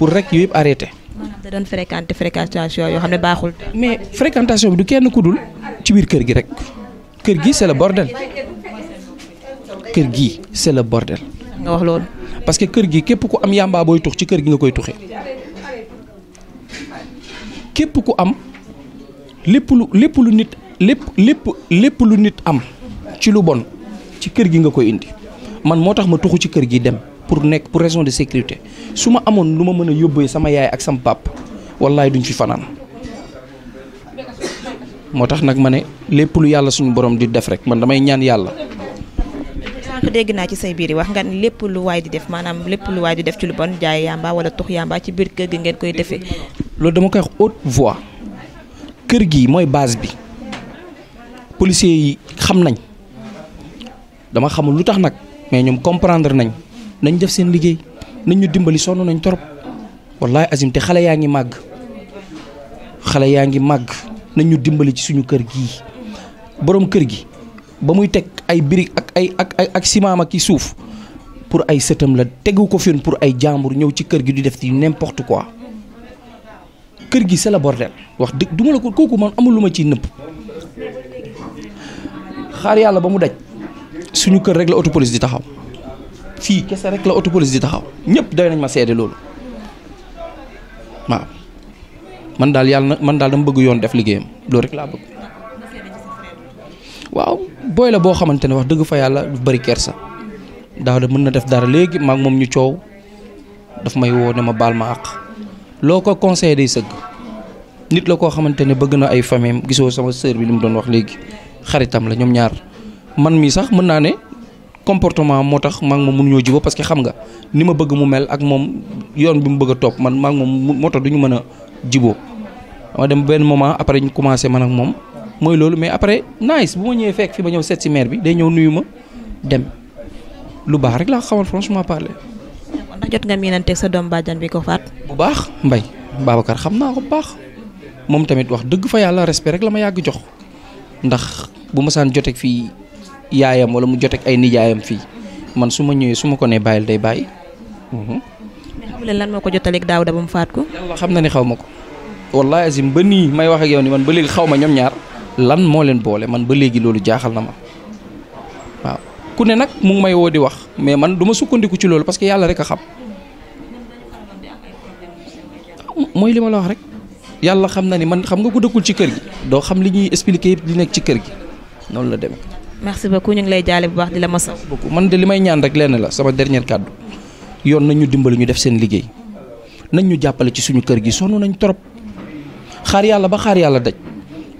S6: pour rek yooyu yëpp arrêté
S1: maanaam da doon yoo xam ne baaxul. mais
S6: fréquentation bi du kenn ku dul ci biir kër gi rek kër gi c'est le bordel kër gi c'est le bordel. nga wax loolu. parce que kër gi képp ku am yambaa booy tux ci kër gi nga koy tuxee képp ku am lépp lu lépp lu nit lépp lépp lépp lu nit am ci lu bon ci kër gi nga koy indi man moo tax ma tuxu ci kër gi dem. pour nekk pour raison de sécurité su ma amoon lu ma mën a yóbbee sama yaay ak sama pap wallaay duñu fi fanaan moo tax nag ma ne lépp lu yàlla suñu borom di def rek man damay ñaan yàlla.
S1: sànq dégg naa ci say biir wax nga lépp lu waay di def maanaam lépp lu waay di def ci lu bon jaay yàmba wala tux yàmba ci biir kër gi ngeen koy defee.
S6: loolu dama koy wax haute kër gi mooy base bi policiers xam nañ dama xamul lu tax nag mais ñoom comprendre nañ. nañ def seen liggéey nañ dimbali sonn nañ torop wallaay azim te xale yaa ngi màgg xale yaa ngi màgg nañ dimbali ci suñu kër gi boroom kër gi ba muy teg ay birig ak ay ak ay ak simaam ak i suuf pour ay sëtam la tegu ko fenn pour ay jàmbur ñëw ci kër gi di def ci n'importe quoi kër gi c'est bordel wax dëgg duma la ko kooku man amul lu ma ciy nëpp xaar yàlla ba mu daj suñu kër rek la auto police di taxaw. fii kese rek la autopolice di taxaw ñëpp doy nañ ma seede loolu waaw man daal yàlla na man daal dama bëgg yoon def liggéeyam loolu rek laa bëgg. waaw booy la boo xamante ne wax dëgg fa yàlla du bëri kersa daaw de mën na def dara léegi maak moom ñu coow daf may woo ne ma baal ma àq loo ko conseil day sëgg nit la koo xamante ne bëgg na ay famille gisoo sama sœur bi li mu doon wax léegi xaritam la ñoom ñaar man mii sax mën naa ne. comportement moo tax maa ngi moom mënuñoo jubóo parce que xam nga ni ma bëgg mu mel ak moom yoon bi mu bëgg a man maa moom moo tax du ñu mën a jubóo dama dem benn moment après ñu commencé man ak moom mooy loolu mais après nice bu ma ñëwee fekk fi ma ñëw seet si maire bi day ñëw nuyu ma dem lu baax rek laa xamal franchement parler.
S1: ndax jot nga miinanteeg sa doom bàjjan
S6: bi ko faat. bu baax mbay Babacar xam naa ko bu baax moom tamit wax dëgg fa yàlla respect rek la ma yàgg jox ndax bu ma saan joteeg fii. yaayam wala mu joteeg ay nijaayam fii man su ma ñëwee su ma ko nee bàyyil day bàyyi. Mhm.
S1: mais xamu leen lan moo ko jotaleeg Daouda ba mu faat ko.
S6: xam na ni xaw ma ko. wallaahi azim ba nii may wax yoon yow man ba léegi xaw ma ñoom ñaar lan moo leen boole man ba léegi loolu jaaxal na ma waaw ku ne nag mu ngi may woo di wax mais man duma sukkandiku ci loolu parce que yàlla rek a xam. mooy li ma la wax rek yàlla xam na ni man xam nga ko dëkkul ci kër gi doo xam li ñuy expliquer yëpp li nekk ci kër gi noonu la demee.
S1: merci beaucoup ñu ngi lay jaale bu baax di la
S6: masa beaucoup man de li may ñaan rek lenn la sama dernier kàddu yoon nañ ñu dimbali ñu def seen liggéey nañ ñu jàppale ci suñu kër gi sonn nañ trop xaar yàlla ba xaar yàlla daj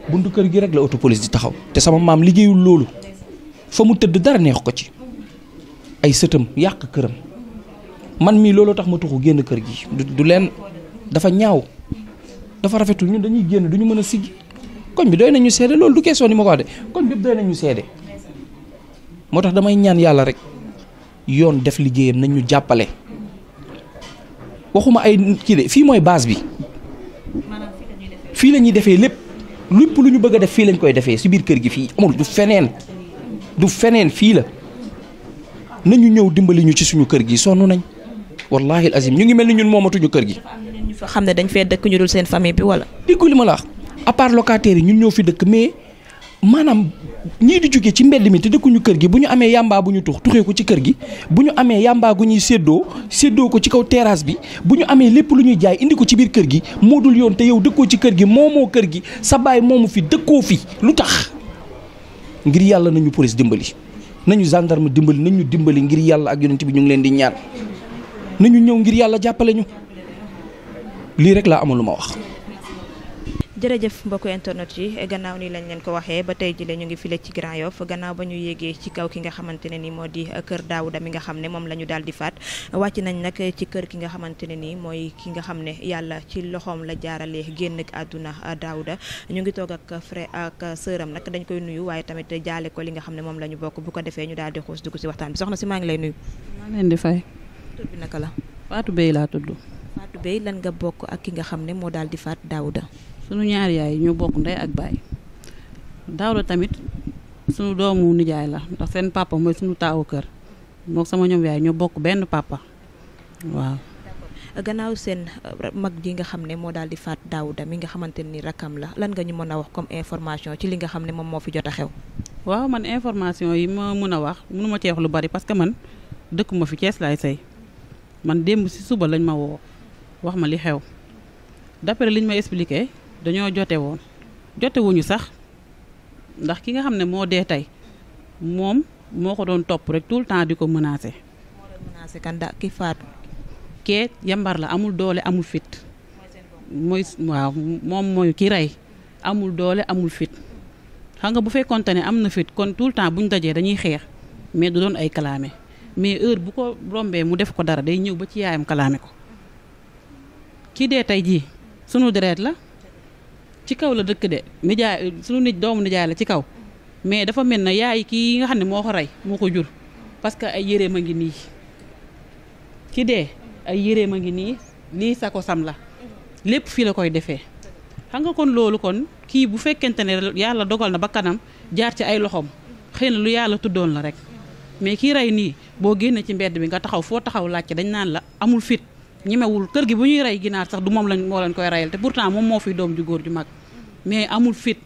S6: buntu kër gi rek la auto police di taxaw te sama maam liggéeyul loolu fa mu tëdd dara neex ko ci ay sëtam yàq këram man mii looloo tax ma tuxu génn kër gi du leen dafa ñaaw dafa rafetul ñu dañuy génn du ñu mën a siggi koñ bi doy nañu seede loolu du question ni ma ko wax de koñ bi doy moo tax damay ñaan yàlla rek yoon def liggéeyam nañ ñu jàppale waxuma ay kii de fii mooy base bi fii la ñuy defee lépp lépp lu ñu bëgg def fii lañ koy defee si biir kër gi fii amul du feneen du feneen fii la nañu ñëw dimbali ñu ci suñu kër gi sonn nañ wallahi azim ñu ngi mel ni ñun moomatuñu kër gi. ñu fa xam ne dañ fee dëkk ñu dul seen famille bi wala. diggu li ma la à part locataires yi ñun ñoo fi dëkk mais. maanaam ñii di jóge ci mbedd mi te dëkkuñu kër gi bu ñu amee yàmbaa bu ñu tux tuxee ko ci kër gi bu ñu amee yàmbaa gu ñuy séddoo séddoo ko ci kaw terrasse bi bu ñu amee lépp lu ñuy jaay indi ko ci biir kër gi moo dul yoon te yow dëkkoo ci kër gi moo moo kër gi sa baay moomu fi dëkkoo fi lu tax ngir yàlla nañu police dimbali nañu gendarme dimbali nañu dimbali ngir yàlla ak yonent bi ñu ngi leen di ñaan nañu ñëw ngir yàlla jàppale ñu lii rek laa amul lu ma wax
S1: jërëjëf mbokk internet yi gannaaw nii lañ leen ko waxee ba tey jile ñu ngi file ci Grand Yoff gannaaw ba ñu yéegee ci kaw ki nga xamante ne ni moo di uh, kër Daouda mi nga xam ne moom la ñu daal di faat wàcc nañ nag ci kër ki nga xamante ne ni mooy ki nga xam ne yàlla ci loxoom la jaaralee génn ak àdduna uh, Daouda ñu ngi toog ak frère ak sëram nag dañ koy nuyu waaye tamit jaale ko li nga xam ne moom la ñu bokk bu ko defee ñu daal di ko dugg si waxtaan bi soxna si maa ngi lay nuyu.
S7: maa leen di fay. tur bi naka la. Fatou béy laa tudd.
S1: Fatou Beye lan nga bokk ak ki nga xam ne moo daal di faat Daouda sunu ñaari yaay ñoo bokk ndey ak
S7: baay Daouda tamit sunu doomu nijaay la ndax seen papa mooy sunu taawu kër mook sama ñoom yaay ñoo bokk benn papa waaw.
S1: gannaaw seen euh, mag ji nga xam ne moo daal di faat Daouda mi nga xamante ni rakkam la lan nga ñu mën a wax comme information ci li nga xam ne moom moo fi jot a xew.
S7: waaw man information yi ma mën a wax mënu ma ci wax lu bari parce que man dëkkuma fi Thiès laay say man démb si suba lañ ma woo wax ma li xew d'après liñ ma expliqué dañoo jote woon jote wuñu sax ndax ki nga xam ne moo dee tey moom moo ko doon topp rek tout le temps di ko menacer. moo doon menacer kan da ki faatu. kee yambar la amul doole amul fit. mooy waaw moom mooy ki rey amul doole amul fit xam nga bu fekkonte ne am na fit kon tout le temps buñ dajee dañuy xeex mais du doon ay kalaame mais heure bu ko rombee mu def ko dara day ñëw ba ci yaayam kalaame ko ki dee tey jii sunu deret la. ci kaw la dëkk de nijaay suñu nit doomu nijaay la ci kaw mais dafa mel na yaay kii nga xam ne moo ko rey moo ko jur parce que ay yéreem a ngi nii ki dee ay yéreem a ngi nii lii sa ko sam la lépp fii la koy defee xam nga kon loolu kon kii bu fekkente ne yàlla dogal na ba kanam jaar ci ay loxoom xëy na lu yàlla tuddoon la rek mais kii rey nii boo génnee ci mbedd bi nga taxaw foo taxaw laajte dañ naan la amul fit ñemewul kër gi bu ñuy rey ginaar sax du moom lañ moo leen koy reyal te pourtant moom moo fi doom ju góor ju mag mais amul fit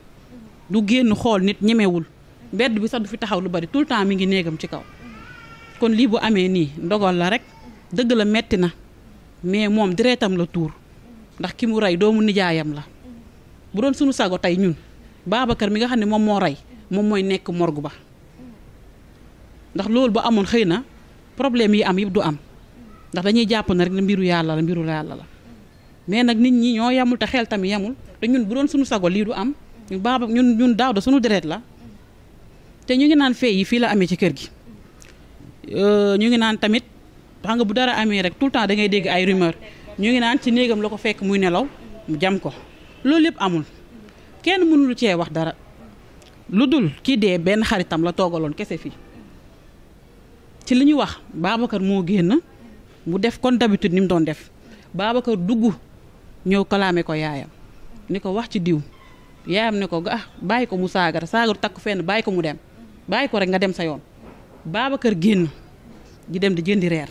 S7: du génn xool nit ñemewul mbedd bi sax du fi taxaw lu bari tout le temps mi ngi néegam ci kaw kon lii bu amee nii ndogal la rek dëgg la metti na mais moom direetam la tuur ndax ki mu rey doomu nijaayam la bu doon sunu sago tey ñun Babacar mi nga xam ne moom moo rey moom mooy nekk morgue ba ndax loolu ba amoon xëy na problème yi am yëpp du am ndax dañuy jàpp na rek mbiru yàlla la mbiru yàlla la mais nag nit ñi ñoo yamul te xel tamit yemul te ñun bu doon suñu sago lii du am ñun baaba ñun ñun daaw da suñu deret la te ñu ngi naan fee yi fii la amee ci kër gi euh, ñu ngi naan tamit xam nga bu dara amee rek tout le temps da dégg ay rumeur ñu ngi naan ci néegam la ko fekk muy nelaw mu jam ko loolu lépp amul kenn mënul cee wax dara lu dul kii dee benn xaritam la toogaloon kese fii ci li ñu wax Babacar moo génn mu def kon d'habitude ni mu doon def baaba kër dugg ñëw kalaame ko yaayam ni ko wax ci diw yaayam ne ko ah bàyyi ko mu saaga saagaru takk fenn bàyyi ko mu dem bàyyi ko rek nga dem sa yoon baaba kër génn di dem di jëndi reer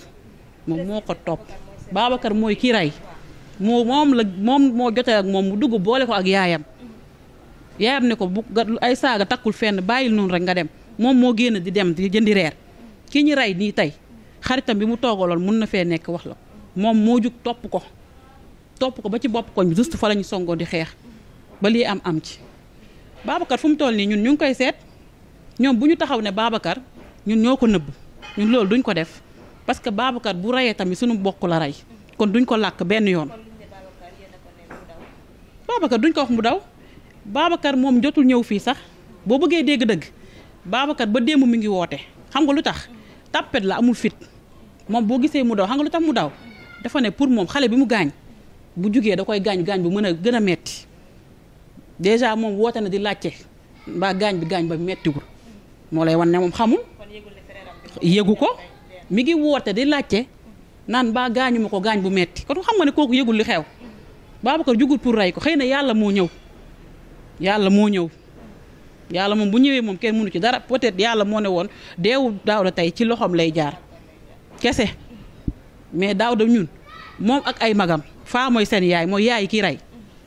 S7: moom moo ko topp kër mooy kii rey moo moom la moom moo jotee ak moom mu dugg boole ko ak yaayam yaayam ne ko bu ay saaga takkul fenn bàyyil noonu rek nga dem moom moo génn di dem di jëndi reer ki ñu rey nii tey xaritam bi mu toogaloon mun na fee nekk wax la moom moo jug topp ko topp ko ba ci bopp ko bi fa la ñu songoo di xeex ba lii am am ci Babacar fu mu toll nii ñun ñu ngi koy seet ñoom bu ñu taxaw ne Babacar ñun ñoo ko nëbb ñun loolu duñ ko def parce que Babacar bu reyee tamit suñu bokk la rey kon duñ ko làkk benn yoon Babacar duñ ko wax mu daw Babacar moom jotul ñëw fii sax boo bëggee dégg dëgg Babacar ba démb mi ngi woote xam nga lu tax tàppet la amul fit moom boo gisee mu daw xam nga lu tax mu daw dafa ne pour moom xale bi mu gaañ bu jugee da koy gaañ gaañ bu mën a gën a metti déjà moom woote na di laajte mbaa gaañ bi gaañ ba mettiwul moo lay wan ne moom xamul yëgu ko mi ngi laajte naan mbaa ma ko gaañ bu metti kon xam nga ne kooku yëgul li xew Babacar jugul pour ray ko xëy na yàlla moo ñëw yàlla moo ñëw yàlla moom bu ñëwee moom kenn mënu ci dara peut-être yàlla moo ne woon deewu daaw la tey ci loxoom lay jaar kese mais daaw da ñun moom ak ay magam faa mooy seen yaay mooy yaay kii rey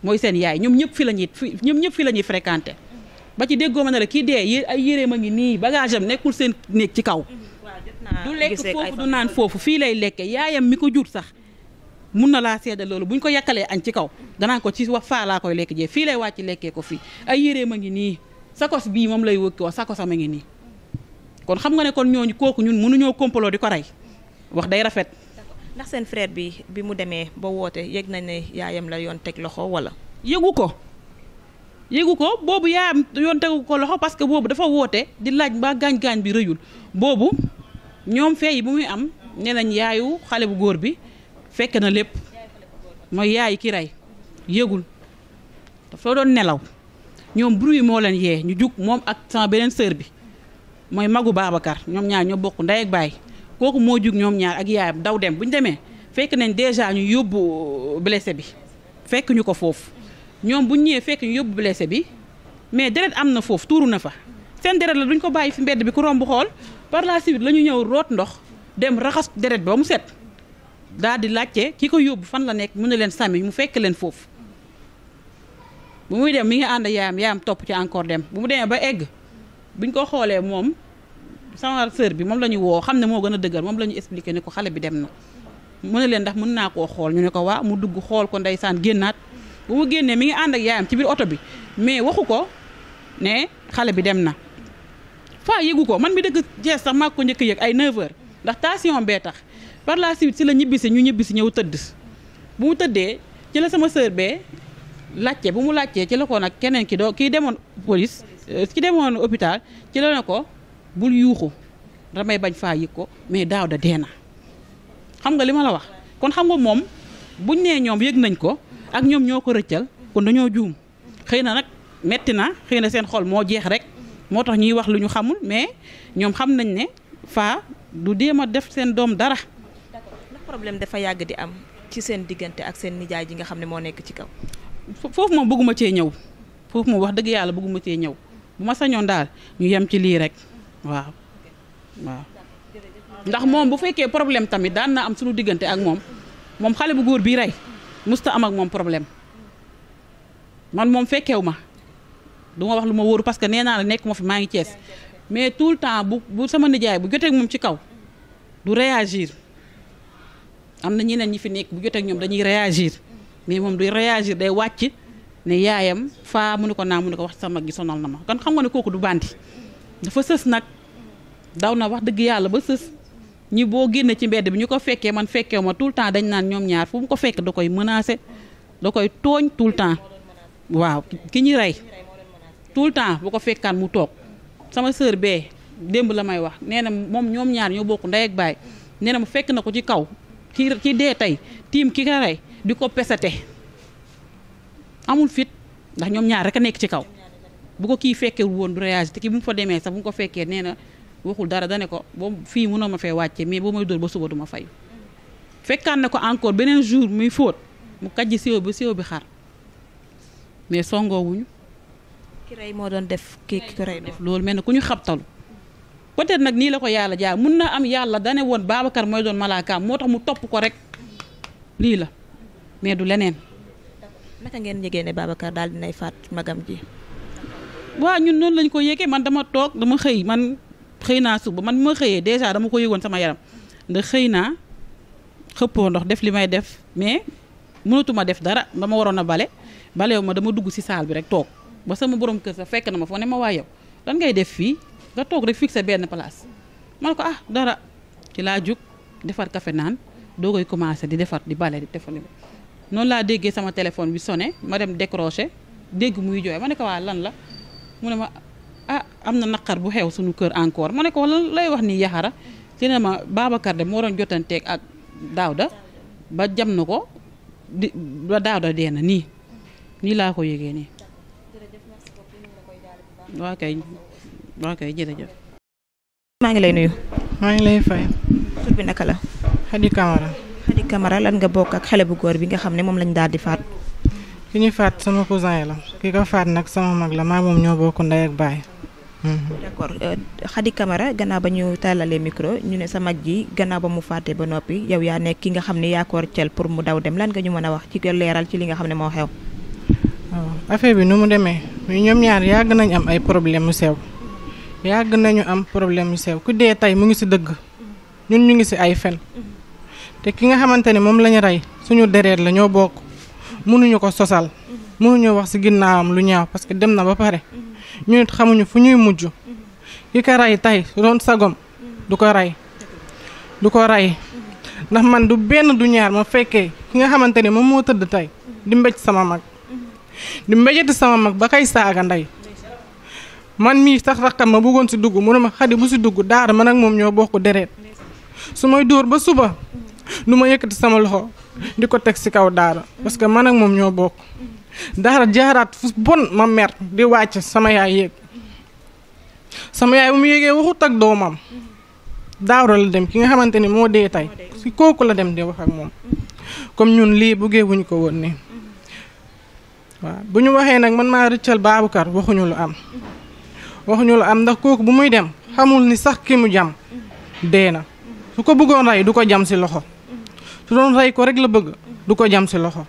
S7: mooy seen yaay ñoom ñëpp fi la ñuy fi ñoom ñëpp fi la ñuy fréquenté ba ci déggoo ma ne la kii dee ay yéreem a ngi nii bagage nekkul seen néeg ci kaw. du lekk foofu du naan foofu fii lay lekkee yaayam mi ko jur sax mun na laa seede loolu buñ ko yàkkalee añ ci kaw danaan ko ci wax faa laa koy lekk jee fii lay wàcc lekkee ko fii ay yéreem a ngi nii sakos bii moom lay wëkkoo sakosam a ngi nii kon xam nga ne kon ñooñu kooku ñun mënuñoo
S1: complot di ko rey wax day rafet. ndax seen frère bi bi mu demee ba woote yëg nañ ne yaayam la yoon teg loxo wala. yëgu ko yëgu ko
S7: boobu yaayam yoon tegu ko loxo parce que boobu dafa woote di laaj mbaa gaañ gaañ bi rëyul boobu ñoom fee yi muy am nee nañ yaayu xale bu góor bi fekk na lépp mooy yaay ki rey yëgul dafa doon nelaw ñoom bruit moo leen yee ñu jug moom ak san beneen sœur bi mooy magu baabakar ñoom ñaar ñoo bokk ndey ak baay kooku moo jug ñoom ñaar ak yaayam daw dem bu ñu demee fekk nañ déjà ñu yóbbu euh, blessé bi fekk ñu ko foofu ñoom bu ñu ñëwee fekk ñu yóbbu blessé bi mais deret am na foofu tuuru na fa seen deret la duñ ko bàyyi fi mbedd bi ku romb xool par la suite la ñu ñëw root ndox dem raxas deret ba mu set daal di laajte ki ko yóbbu fan la nekk mu ne leen sami mu fekk leen foofu bu muy dem mi ngi ànd yaayam yaayam topp ci encore dem bu mu demee ba egg buñ ko xoolee moom sama sœur bi moom la ñu woo xam ne moo gën a dëgër moom la ñu expliqué ne ko xale bi dem na mu ne leen ndax mën naa koo xool ñu ne ko waa mu dugg xool ko ndeysaan génnaat bu mu génnee mi ngi ànd ak yaayam ci biir oto bi mais waxu ko ne xale bi dem na faa yëgu ko man bi dëkk Thiès sax maa ko njëkk yëg ay 9h ndax tension bee tax par la suite si la ñibbisi ñu ñibbisi ñëw tëdd bu mu tëddee ci la sama sœur bee laajte bu mu laajtee ci la ko nag keneen ki doo kii demoon police euh, ki demoon hôpital ci la ne ko bul yuuxu damay bañ faa yëg ko mais daaw da dee na xam nga li ma la wax kon xam nga moom buñ nee ñoom yëg nañ ko ak ñoom ñoo ko rëccal kon dañoo juum xëy na nag metti na xëy na seen xol moo jeex rek moo tax ñuy wax lu ñu xamul mais ñoom xam nañ ne faa
S1: du déem a def seen doom dara. problème dafa yàgg di am ci seen diggante ak seen nijaay ji nga xam ne moo nekk ci kaw.
S7: foofu moom bëgguma cee ñëw foofu moom wax dëgg yàlla bëgguma cee ñëw bu ma sañoon daal ñu yem ci lii rek. waaw waaw ndax moom bu fekkee problème tamit daan naa am suñu diggante ak moom moom xale bu góor bii rey musta am ak moom problème man moom fekkew ma du ma wax lu ma wóoru parce que nee naa la nekk ma fi maa ngi Cees mais tout le temps bu bu sama nijaay bu jotee ak moom ci kaw du réagir am na ñeneen ñi fi nekk bu jotee ak ñoom dañuy réagir mais moom du réagir day wàcc ne yaayam faa mu ne ko naa mu ne ko wax sama gi sonal na ma kon xam nga ne kooku du bandi dafa sës nag daw na wax dëgg yàlla ba sës ñi boo génne ci mbedd bi ñu ko fekkee man fekkee ma tout le temps dañ naan ñoom ñaar fu mu ko fekk da koy menacer da koy tooñ tout le temps waaw ki ñi rey tout le temps bu ko fekkaan mu toog sama sœur bee démb la may wax nee na moom ñoom ñaar ñoo bokku ndey ak baay nee na mu fekk na ko ci kaw ki ki dee tey tiim ki ka rey di ko pesate amul fit ndax ñoom ñaar rek a nekk ci kaw bu ko kii fekkee woon du réagir te ki bu mu fa demee sax bu mu ko fekkee nee na waxul dara dane ko boo fii mënoo ma fee wàcce mais boo may dóor ba suba du ma fay fekkaan na ko encore beneen jour muy fóot mu kàjji siwo bi siwo bi xar mais songoowuñu ki moo doon def ki rey def loolu mel ne ku ñu xabtalu peut-être nag nii la ko yàlla jaar mun na am yàlla dane woon Babacar mooy doon malaakaam moo tax mu topp ko rek lii la
S1: mais du leneen naka ngeen yëgee ne Babacar daal dinay faat magam ji
S7: waaw ñun noonu lañ ko yëgee man dama toog dama xëy man xëy naa ba man ma xëyee dèjà dama ko yëgoon sama yaram ndax xëy naa xëppoo ndox def li may def mais mënatuma def dara dama waroon a bale balew ma dama dugg si saal bi rek toog ba sama borom kër sa fekk na ma foo ne ma waa yow ngay def fii nga toog rek fixé benn place man ko ah dara ci laa jug defar kafe naan doo koy commencé di defar di bale di defar noonu laa déggee sama téléphone bi sonné ma dem décroché dégg muy jooy ma ne ko waa lan la mu ne ma ah am na naqar bu xew sunu kër encore ma ne ko wala lay wax nii yaxara ci ne ma Babacar de moo doon jotanteeg ak Daouda ba jam na ko di ba Daouda dee na nii nii laa ko yëgee nii waa kay waa kay jërëjëf
S1: maa ngi lay nuyu maa ngi lay fay tur bi naka la Xadi Kamara Xadi Kamara lan nga bokk ak xale bu góor bi nga xam ne moom lañ
S8: daal di faat ki ñu faat sama cousin yi la ki ko faat nag sama mag la maa moom ñoo bokk ndey ak baay. Mm-hmm.
S1: d'accord euh, Khady
S8: Camara gannaaw ba ñu tàllalee micro
S1: ñu ne sa mag ji gannaaw ba mu fàtte ba noppi yow yaa nekk ki nga xam ne yaa ko cel pour mu daw dem lan nga ñu
S8: mën a wax ci leeral ci li nga xam ne moo xew. waaw oh, affaire bi nu mu demee ñoom ñaar yàgg nañu am ay problème yu sew yàgg nañu am problème yu sew ku dee tey mu ngi si dëgg ñun ñu ngi si ay fen mm-hmm. te ki nga xamante ne moom lañu rey suñu dereet la ñoo bokk. mënuñu ko sosal mënuñu wax ci ginnaawam lu ñaaw parce que dem na ba pare ñu nit xamuñu fu ñuy mujj ki ko rey tey doon sagom du ko rey du ko rey ndax man du benn du ñaar ma fekkee ki nga xamante ne moom moo tëdd tey di mbéj sama mag di mbéjati sama mag ba kay saaga ndey man mii sax rakkam ma bëggoon ci dugg mënuma xadi bu ci dugg daar man ak moom ñoo bokk deret su may dóor ba suba du ma yëkkati sama loxo di ko teg si kaw daara parce que man ak moom ñoo bokk daara jaaraat fu bon ma mer di wàcc sama yaay yéeg sama yaay bu mu yéegee waxut ak doomam daawra la dem ki nga xamante ni moo dee tey si kooku la dem di wax ak moom comme ñun lii buggee wuñ ko woon nii waaw bu ñu waxee nag mën maa rëccal Babacar waxuñu lu am waxuñu lu am ndax kooku bu muy dem xamul ni sax ki mu jam dee na su ko bëggoon rey du ko jam si loxo su doon rey ko rek la bëgg du ko jam si loxo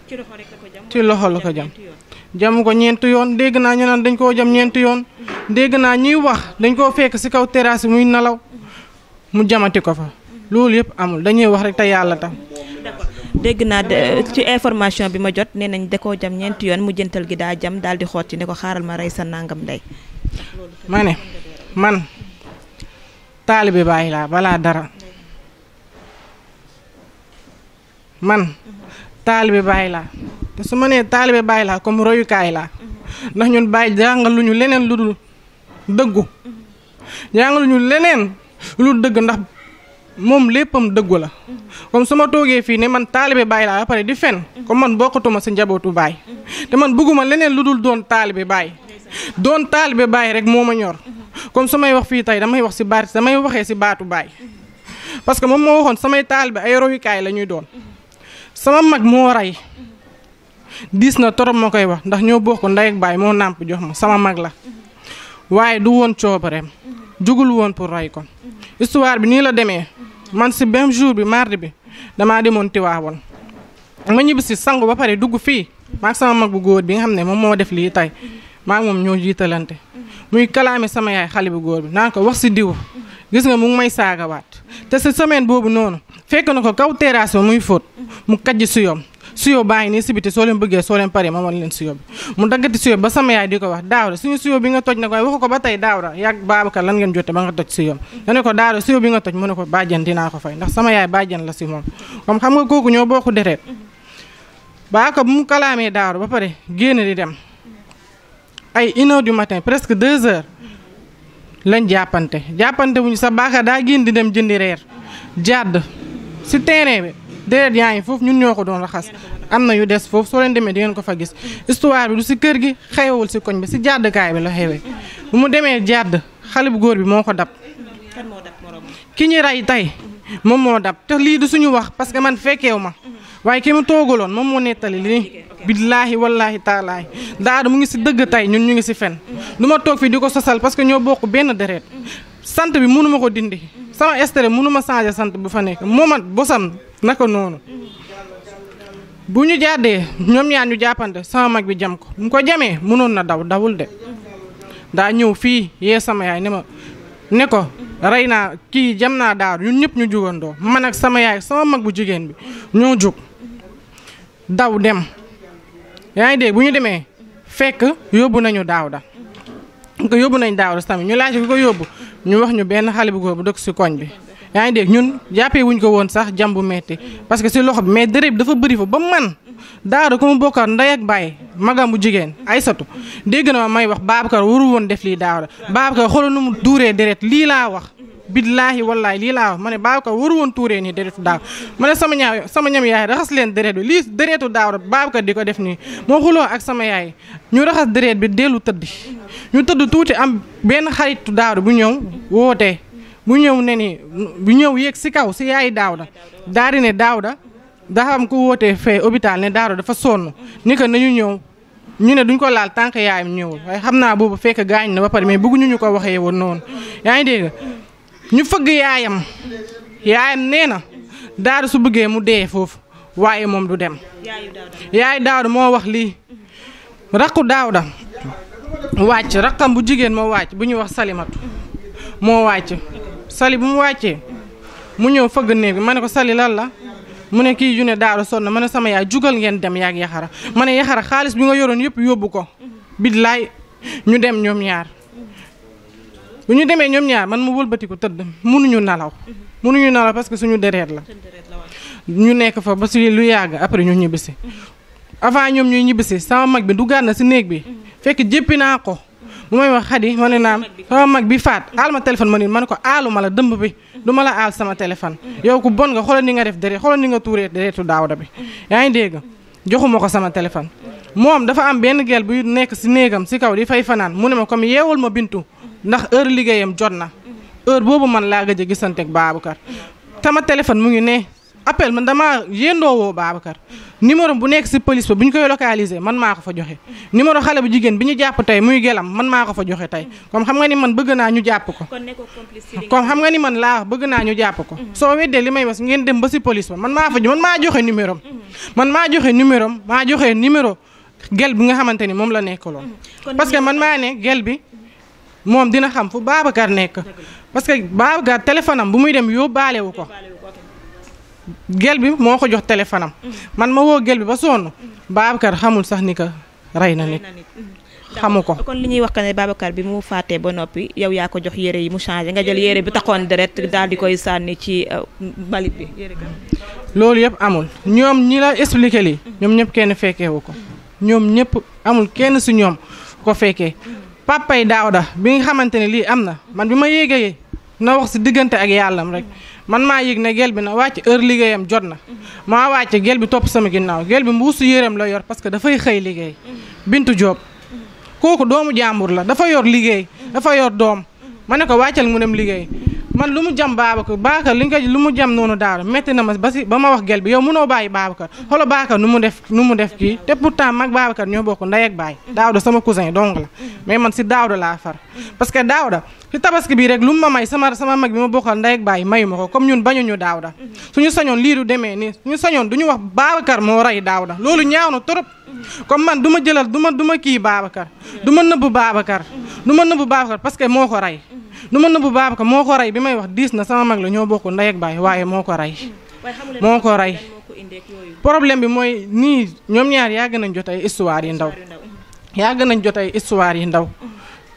S8: ci loxo la ko jam jam ko ñeenti yoon dégg naa ñu naan dañ koo jam ñeenti yoon dégg naa ñuy wax dañ koo fekk si kaw terrasse muy nelaw mu jamati ko fa loolu yëpp amul dañuy wax rek te yàlla tam dégg naa ci
S1: information bi ma jot nee nañ da koo jam ñeenti yoon mu jëntal gi daa jam daal di ci ne ko xaaral ma rey sa nàngam
S8: ndey ma ne man taalibe Baay laa balaa dara man taalibe Baay laa te su ma nee taalibe Baay laa comme royukaay laa ndax ñun Baay lu ñu leneen lu dul dëggu lu ñu leneen lu dul dëgg ndax moom léppam dëggu la comme su ma toogee fii ne man taalibe Baay laa ba pare di fenn comme man bokkatuma si njabootu Baay te man bëgguma leneen lu dul doon taalibe Baay doon taalibe bàyyi rek moo ma ñor comme su may wax fii tey damay wax si baat damay waxee si baatu Baay parce que moom moo waxoon samay taalibe ay royukaay la ñuy doon sama mag moo rey diis na torop ma koy wax ndax ñoo bokk ndey ak baay moo nàmp jox ma sama mag la waaye du woon coobareem jugul woon pour rey ko histoire bi nii la demee man si même jour bi mardi bi damaa demoon Tiwaawoon ma ñibbisi sangu ba pare dugg fii maa ak sama mag bu góor bi nga xam ne moom moo def lii tey maa moom ñoo jiitalante muy kalaame sama yaay xale bu góor bi naa ko wax si diw gis nga mu ngi may saagawaat te si semaine boobu noonu fekk na ko kaw terrasse ba muy fóot mu kajj suyom suyo baa ngi nii si biti soo leen bëggee soo leen paree ma wan leen suyo bi mu daggati suyo ba sama yaay di ko wax daawra suñu suyo bi nga toj nag waaye waxu ko ba tey daawra yàgg Babacar lan ngeen jote ba nga toj suyo da ne ko daawra suyo bi nga toj mu ne ko bàjjen dinaa ko fay ndax sama yaay bàjjen la si moom comme xam nga kooku ñoo bokku dereet baa bu mu kalaamee daawra ba pare génn di dem du matin presque deux heures lañ jàppante jàppante sa baaxa daa génn di dem jëndi reer jàdd si terrain bi déedéet yaa ngi foofu ñun ñoo ko doon raxas am na yu des foofu soo leen demee di ngeen ko fa gis histoire bi du si kër gi xëyewul si koñ bi si jàddukaay bi la xewee bu mu demee jàdd xale bu góor bi moo ko dab ki ñu rey tey moom moo dab te lii du suñu wax parce que man fekkeew ma waaye ki ma toogaloon moom moo nettali lii billaahi wallaahi taalaahi daadu mu ngi si dëgg tey ñun ñu ngi si fen du ma toog fii di ko sosal parce que ñoo bokk benn deret sant bi mënuma ko dindi sama estere mënu ma changer sant bu fa nekk moomat bosam naka noonu bu ñu jàddee ñoom ñaar ñu jàppante sama mag bi jam ko mu ko jamee mënoon na daw dawul de daa ñëw fii yee sama yaay ne ma ne ko rey naa kii jam naa daaru ñun ñëpp ñu jugandoo man ak sama yaay sama mag bu jigéen bi ñoo jug daw dem yaa ngi dégg bu ñu demee fekk yóbbu nañu daaw da Daouda ko yóbbu nañ Daouda tamit ñu laaj ko ko yóbbu ñu wax ñu benn xale bu góor bu dëkk si koñ bi. yaa ngi dégg ñun jàppee ko woon sax jam bu metti parce que si loxo bi mais dërëb dafa bari fa ba man Daouda ko mu bokkaat ndey ak bàyyi magam bu jigéen Aysatu dégg na ma may wax Babacar waru woon def lii Daouda Babacar xoolal nu mu duuree deret lii laa wax. billaahi wallaahi lii laa ma ne baaw ka waru woon tuuree nii déretu daaw ma ne sama ñaaw sama ñam yaay raxas leen déret bi lii déretu daaw baaw ka di ko def nii moo xuloo ak sama yaay ñu raxas déret bi dellu tëdd ñu tëdd tuuti am benn xaritu daaw bu ñëw wootee bu ñëw ne ni bu ñëw yéeg si kaw si yaay daaw da daa di ne daaw da dafa am ku wootee fee hôpital ne daaw dafa sonn ni ko nañu ñëw ñu ne duñ ko laal tànk yaayam ñëwul waaye xam naa boobu fekk gaañ na ba mais bëgguñu ñu ko waxee woon noonu yaa ngi ñu fëgg yaayam yaayam nee na daaru su bëggee mu dee foofu waaye moom du dem yaay daawda moo wax lii raqu daawda wàcc raqam bu jigéen moo wàcc bu ñuy wax salimatu moo wàcc sali bu mu wàccee mu ñëw fëgg néeg bi ma ne ko sali lan la mu ne kii yu ne daaro sonn ma ne sama yaay jugal ngeen dem yaag yaxara ma ne yaxara xaalis bi nga yoroon yëpp yóbbu ko billaay ñu dem ñoom ñaar bu ñu demee ñoom ñaar man mu wëlbatiku tëdd mënuñu nalaw mënuñu nalaw parce que suñu dereet la ñu nekk fa ba su lu yàgg après ñu ñibbisi avant ñoom ñuy ñibbisi sama mag bi duggaat na si néeg bi fekk jéppi naa ko mu may wax xadi ma ne naam sama mag bi faat aal ma téléphone ma ne ma ne ko aalu ma la dëmb bi du ma la aal sama téléphone yow ku bon nga xoolal ni nga def deret xoolal ni nga tuuree deretu daawda bi yaa ngi dégg joxuma ko sama téléphone moom dafa am benn gel bu nekk si néegam si kaw di fay fanaan mu ne ma comme yeewul ma bintu ndax heure liggéeyam jot na heure boobu man laa gëj a gisante ak Babacar sama téléphone mu ngi ne appel man damaa yéendoo woo Babacar numéro bu nekk si police ba bu ñu koy localiser man maa ko fa joxe numéro xale bu jigéen bi ñu jàpp tey muy gelam man maa ko fa joxe tey comme xam nga ni man bëgg naa ñu jàpp ko comme xam nga ni man laa bëgg naa ñu jàpp ko mhm. soo li may was ngeen dem ba si police ba maa fa man maa joxe numéro mhm. man maa joxe numéro maa joxe numéro gel bi nga xamante ni moom la nekkaloon mhm. parce que man maa ne gel bi moom dina xam fu Babacar nekk parce que Babacar téléphone bu muy dem yóbbaale wu ko gel bi moo ko jox téléphone man ma woo gel bi ba sonn Babacar xamul sax ni ko rey na nit xamu ko kon li ñuy wax que ne Babacar
S1: bi mu fàttee ba noppi yow yaa ko jox yére yi mu changé nga jël yére bi taxoon deret daal di koy sànni ci euh, mbalit bi
S8: loolu yëpp amul ñoom ñi la expliqué lii ñoom ñëpp kenn fekkewu ko ñoom ñëpp amul kenn si ñoom ko fekkee daaw da bi nga xamante ne lii am na man bi ma yéegee na wax si diggante ak yàllam rek man maa yëg ne gel bi na wàcc heure liggéeyam jot na maa wàcce gel bi topp sama ginnaaw gel bi mbuusu yéreem la yor parce que dafay xëy liggéey Bintu Diop kooku doomu jàmbur la dafa yor liggéey dafa yor doom ma ne ko wàccal mu dem liggéey man lu mu jam Babacar Babacar li nga lu mu jam noonu daara métti na ma ba si ba ma wax gel bi yow mënoo bàyyi Babacar xoolal Babacar nu mu def nu mu def kii te pourtant mag Babacar ñoo bokk ndey ak baay Daouda sama cousin dong la mais man si Daouda laa far parce que Daouda ci tabaski bii rek lu ma may sama sama mag bi ma bokkal ndey ak baay mayu ma ko comme ñun bañuñu Daouda mhm. suñu sañoon lii du demee nii ñu sañoon duñu wax Babacar moo rey Daouda loolu ñaaw na trop mhm. comme man du ma jëlal du ma du ma kii Babacar du ma nëbb Babacar mhm. du ma nëbb Babacar parce que moo ko rey du ma nëbb Babacar moo ko rey bi may wax diis na sama mag la ñoo bokk ndey ak baay waaye moo ko rey moo ko rey problème bi mooy nii ñoom ñaar yàgg nañ jot ay histoire yi ndaw yàgg nañ jot ay histoire yi ndaw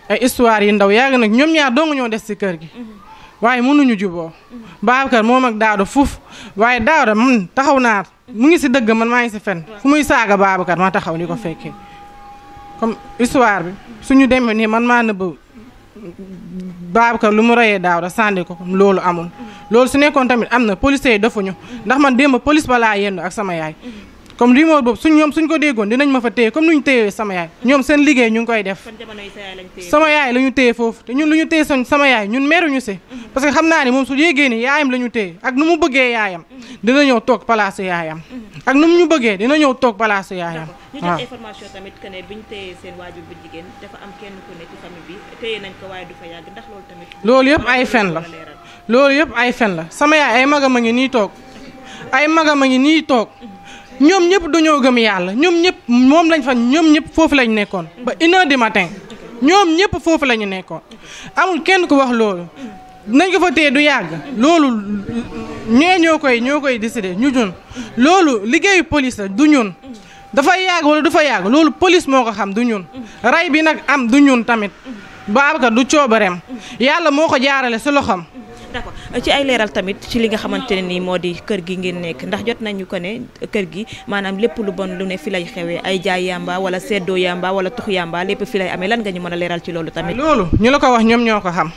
S8: ay e histoire yi ndaw yàgg nag ñoom ñaar dong ñoo des ci kër gi mm-hmm. waaye mënuñu juboo mm-hmm. Babacar moom ak Daouda fuuf waaye Daouda man taxaw naa mu ngi ci dëgg man maa ngi ci fen fu muy saaga Babacar ma taxaw di ko fekkee mm-hmm. comme histoire bi ñu demee nii man maa nëbb Babacar lu mu reyee Daouda sànni ko loolu amul loolu su nekkoon tamit am na police yi defuñu ndax man démb police balaa yendu ak sama yaay comme rumeur boobu suñ ñoom suñ ko déggoon dinañ ma fa téye comme ñu téyee sama yaay ñoom seen liggéey ñu ngi koy def sama yaay la ñu téye foofu te ñun lu ñu téye sañ sama yaay ñun meruñu si mhm. parce que xam naa ne moom su yéegee ni yaayam la ñu téye ak nu mu bëggee yaayam mhm. dina ñëw toog palaasu yaayam mhm. ak nu mu ñu bëggee dina ñëw toog palaasu yaayam ñu jot
S1: tamit que ne biñ téye seen waajur bi
S8: loolu tamit yëpp ay fen la loolu yëpp ay fen la sama yaay ay magam a ngi nii toog ay magam a ngi nii toog ñoom ñëpp dañoo gëm yàlla ñoom ñëpp moom lañ fa ñoom ñëpp foofu lañ nekkoon ba une heure du matin ñoom ñëpp foofu la ñu nekkoon amul kenn ku wax loolu nañ ko fa téye du yàgg loolu ñee ñoo koy ñoo koy décider ñu ñun loolu liggéeyu police la du ñun dafay yàgg wala du fa yàgg loolu police moo ko xam du ñun rey bi nag am du ñun tamit baabaka du coobareem yàlla moo ko jaarale si loxoom d'accord euh, ci ay leeral tamit
S1: ci li nga xamante ne nii moo di kër gi ngeen nekk ndax jot nañu ko ne kër gi maanaam lépp lu bon lu ne fi lay xewee ay jaay yàmba wala seddoo yamba wala tux yamba lépp fi lay amee lan nga ñu mën a leeral ci loolu tamit.
S8: loolu ñu la ko wax ñoom ñoo ko xam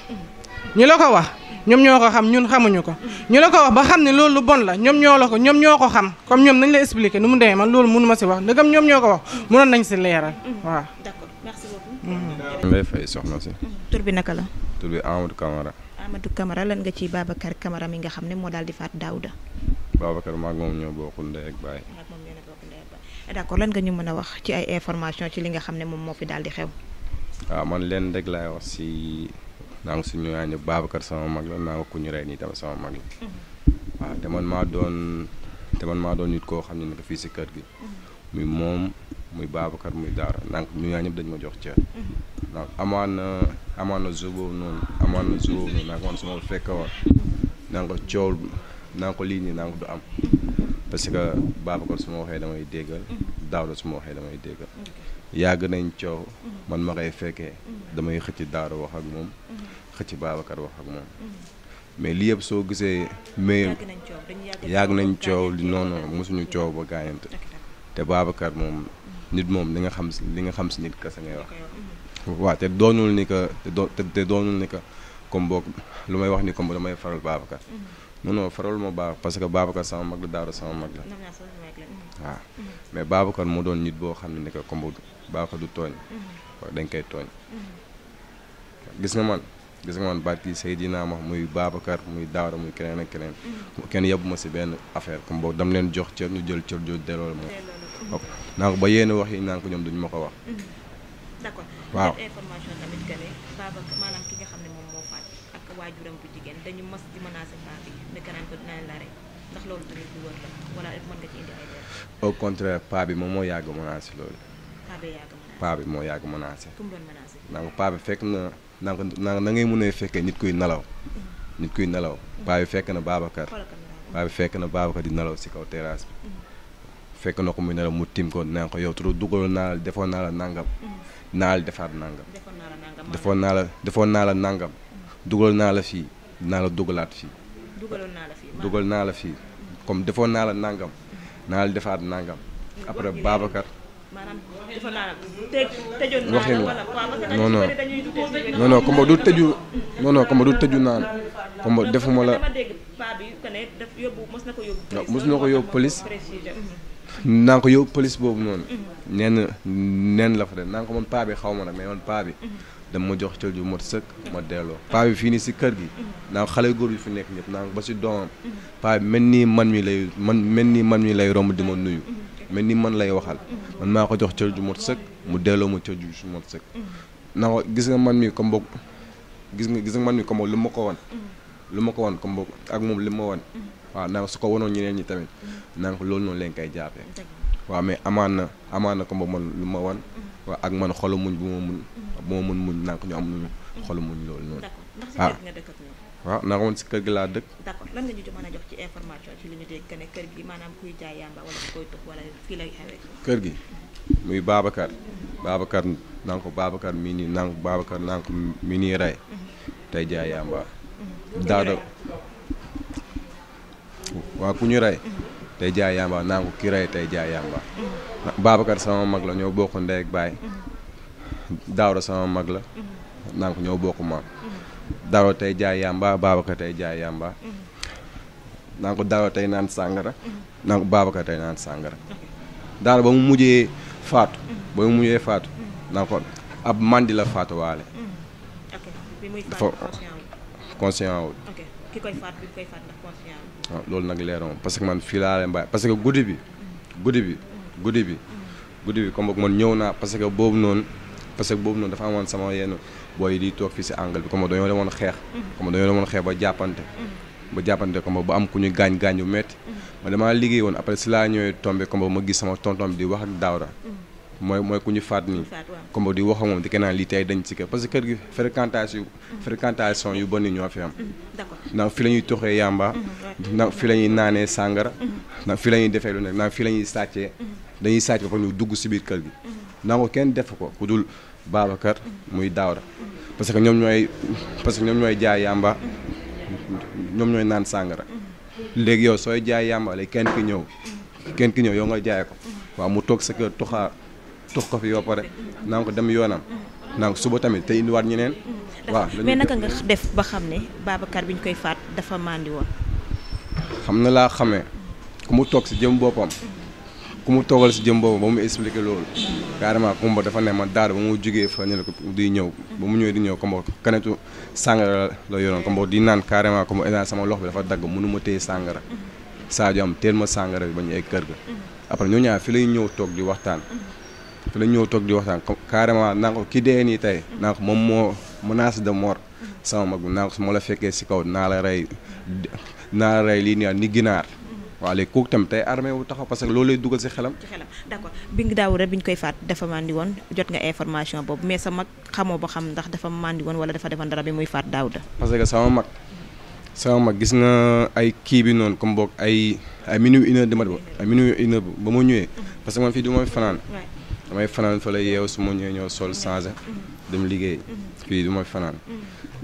S8: ñu la ko wax ñoom ñoo ko xam ñun xamuñu ko ñu la ko wax ba xam ne loolu lu bon la ñoom ñoo la ko ñoom ñoo ko xam comme ñoom nañ la expliqué nu mu demee man loolu mënu ma si wax ndegam ñoom ñoo ko wax mënoon nañ si leeral mhm. waaw.
S9: d'accord merci beaucoup. tur bi naka la. tur bi Amadou Camara
S1: Amadou Camara lan nga ci Babacar Camara mi nga xam ne moo daal di faat Daouda.
S9: Babacar maa ngi moom ñoo bokk ndey ak baay.
S5: maa
S1: lan nga ñu mën a wax ci ay information ci li nga xam ne moom moo fi daal di xew.
S9: waaw ah, man leen rek laay wax si naa ngi suñu ñaan Babacar sama mag la naa nga ku ñu rey nii tamit sama mag la. waaw mm-hmm. ah, te man maa doon te man maa doon nit koo xam ne nag fii si kër gi. muy mm-hmm. moom. muy Babacar muy Daara donc ñu ñaa ñëpp dañu ma jox cër.
S5: Mm-hmm.
S9: donc amaan na amaan na zoo noonu amaan na zoo boobu noonu naa ko man fekkee woon naa ko coow naa ko lii nii naa du am parce que Babacar su ma waxee damay déggal mm-hmm. Daara su ma waxee damay déggal. yàgg nañ coow mm-hmm. man ma koy fekkee damay xëcc Daara wax ak moom xëcc Babacar wax ak moom. mais lii yëpp soo gisee. mais yàgg nañ coow li noonu mosuñu coow ba gaañante te Babacar moom. nit moom li nga xam si li nga xam si nit kese ngay wax waaw te doonul ni que te doonul ni que comme lu may wax ni comme damay faral Babacar mhm. non non faral ma baax parce que Babacar sama mag la Daara sama mag la mhm. waaw mhm. mais Babacar moo doon nit boo xam ne ni que comme Babacar du tooñ dañ koy tooñ gis nga man gis nga man barki Seydina ma muy Babacar muy Daara muy keneen ak keneen kenn yebbu ma si benn affaire comme boog dam leen jox cër ñu jël cër jooju delloo ma ok naa ba yéen wax yi naan ko ñoom dañu ma ko wax.
S1: Mm-hmm. d'accord waaw ak waajuram bu jigéen dañu mas di menacer paa bi
S9: contraire paa moom moo yàgg menacer loolu. paa bi bi moo yàgg menacer. fu mu paa bi fekk na naa ko naa na ngay mën a fekkee nit kuy nelaw.
S5: Mm-hmm.
S9: nit kuy nelaw. paa bi fekk na Babacar. paa bi fekk na Babacar di nelaw si kaw teraas bi. Mm-hmm. fekk na ko muy ne mu tim ko naan ko yow trop dugaloon naa la defoon naa la nangam. naa la defaat nangam. defoon naa la defoon naa la nangam. dugaloon naa la fii naa la dugalaat fii.
S5: dugaloon naa la
S1: fii
S9: dugal naa la fii. comme defoon naa la nangam. naa la defaat nangam. après Babacar.
S1: maanaam defoon naa la tëj tëjoon naa du tëju. non non comme du tëju naan. comme defuma la dama ko yóbbu. police police.
S9: naa ko yow police boobu noonu. neen neen la fa de naa ko man paa bi xaw ma nag mais man paa bi. dama ma jox cël ju mot sëkk ma delloo. paa bi fii nii si kër gi. naa ko xale góor bi fi nekk ñëpp naa ko ba si doomam. bi mel nii man mi lay man mel nii man mi lay romb di ma nuyu. mel ni man lay waxal. man maa ko jox cër ju mot sëkk mu delloo ma cër ju mot sëkk. naa ko gis nga man mii ko boog gis nga gis nga man mi comme boog lu ma ko wan. lu ma ko wan comme boog ak moom li ma wan. waaw naa su ko wanoon ñeneen ñi tamit mm-hmm. naa ko loolu noonu leen koy jàppee waaw mais amaan na amaan na ko ma man lu ma wan mm-hmm. waaw ak man xolu muñ bu ma mun mm-hmm. bu mun muñ naa ko ñu am nuñu xolu muñ loolu noonu ah waaw ko si kër gi laa dëkk
S1: d'accord lan nga ci information ci li
S9: kër gi muy Babacar Babacar naa ko Babacar mii nii naa ko Babacar naa ko mii nii rey tey jaay yàmba daada waa ku ñu rey tey jaay yamba naa ko ki rey tey jaay yamba Babacar sama mag la ñoo bokk ndey ak baay Daawra sama mag la naa ko ñoo bokk maam Daawra tey jaay yamba Babacar tey jaay yamba naa ko Daawra tey naan sàngara naa ko Babacar tey naan sàngara daal ba mu mujjee faatu ba mu mujjee faatu naa ko ab mandi la faatuwaale
S1: dafa mm. conscient wul waaw
S9: ah, loolu nag leeroon parce que man fii laa leen parce que guddi bi. guddi bi guddi bi. guddi bi comme boog man ñëw naa parce que boobu noonu parce que boobu noonu dafa amoon sama yenn booy di toog fii si angle bi comme dañoo woon xeex. comme dañoo demoon xeex ba jàppante. ba jàppante comme ba am ku ñu gaañ gaañ bu metti ma damaa liggéey woon après si laa ñëwee tombé comme ma gis sama tonton bi di wax ak Daouda. mooy mooy ku ñu faat nii comme di wax moom di kenaan lii tey dañ ci kër parce que kër gi fréquentation mm-hmm. fréquentation yu bon ñoo fi am mm-hmm. ndax fi la ñuy toxee yàmba mm-hmm, ndax fi la ñuy naanee sàngara ndax fi la ñuy defee lu nekk ndax fi la ñuy sàccee dañuy sàcc ba fa ñu dugg si biir kër gi ndax ko kenn def ko ku dul Babacar muy Daawda parce que ñoom ñooy parce que ñoom ñooy jaay yàmba ñoom ñooy naan sàngara léegi yow sooy jaay yàmba léegi kenn ki ñëw kenn ki ñëw yow nga jaay tux ko fi ba pare naa ko dem yoonam naa suba tamit te indiwaat ñeneen.
S1: waaw mais naka nga def ba xam ne Babacar bi ñu koy faat dafa màndi woon.
S9: xam na laa xamee ku mu toog si jëm boppam ku mu toogal si jëm boppam ba mu expliqué loolu carrément Kumba dafa ne ma daara ba mu jógee fa ne di ñëw ba mu ñëwee di ñëw Kumba kanetu sàngara la yoroon Kumba di naan carrément Kumba énaa sama loxo bi dafa dagg mënu ma téye sàngara mm-hmm. Sadio am teel ma sàngara bi ba ñu kër ga mm-hmm. après ñoo ñaar lay ñëw toog di waxtaan. Mm-hmm. te dañ ñëw toog di waxtaan carrément naa ko ki dee nii tey naa ko moom moo menace de mort sama mag bi naa ko su ma la fekkee si kaw naa la rey naa la rey lii nii ni ginaar waaw léegi kooku tam tey armée wu taxaw parce que loolu lay dugal si xelam. ci
S1: xelam d'accord bi nga daaw rek bi ñu koy faat dafa màndi woon jot nga information boobu mais sa mag xamoo ba xam ndax dafa màndi woon wala dafa defandara bi muy faat Daouda.
S9: parce que sama mag sama mag gis na ay kii bi noonu comme boog ay ay minuit une heure de mat ba ay minuit une mm-hmm. parce que man damay fanaan fa la yeew su ma ñëwee ñëw sol changé dem liggéey fii du fanaan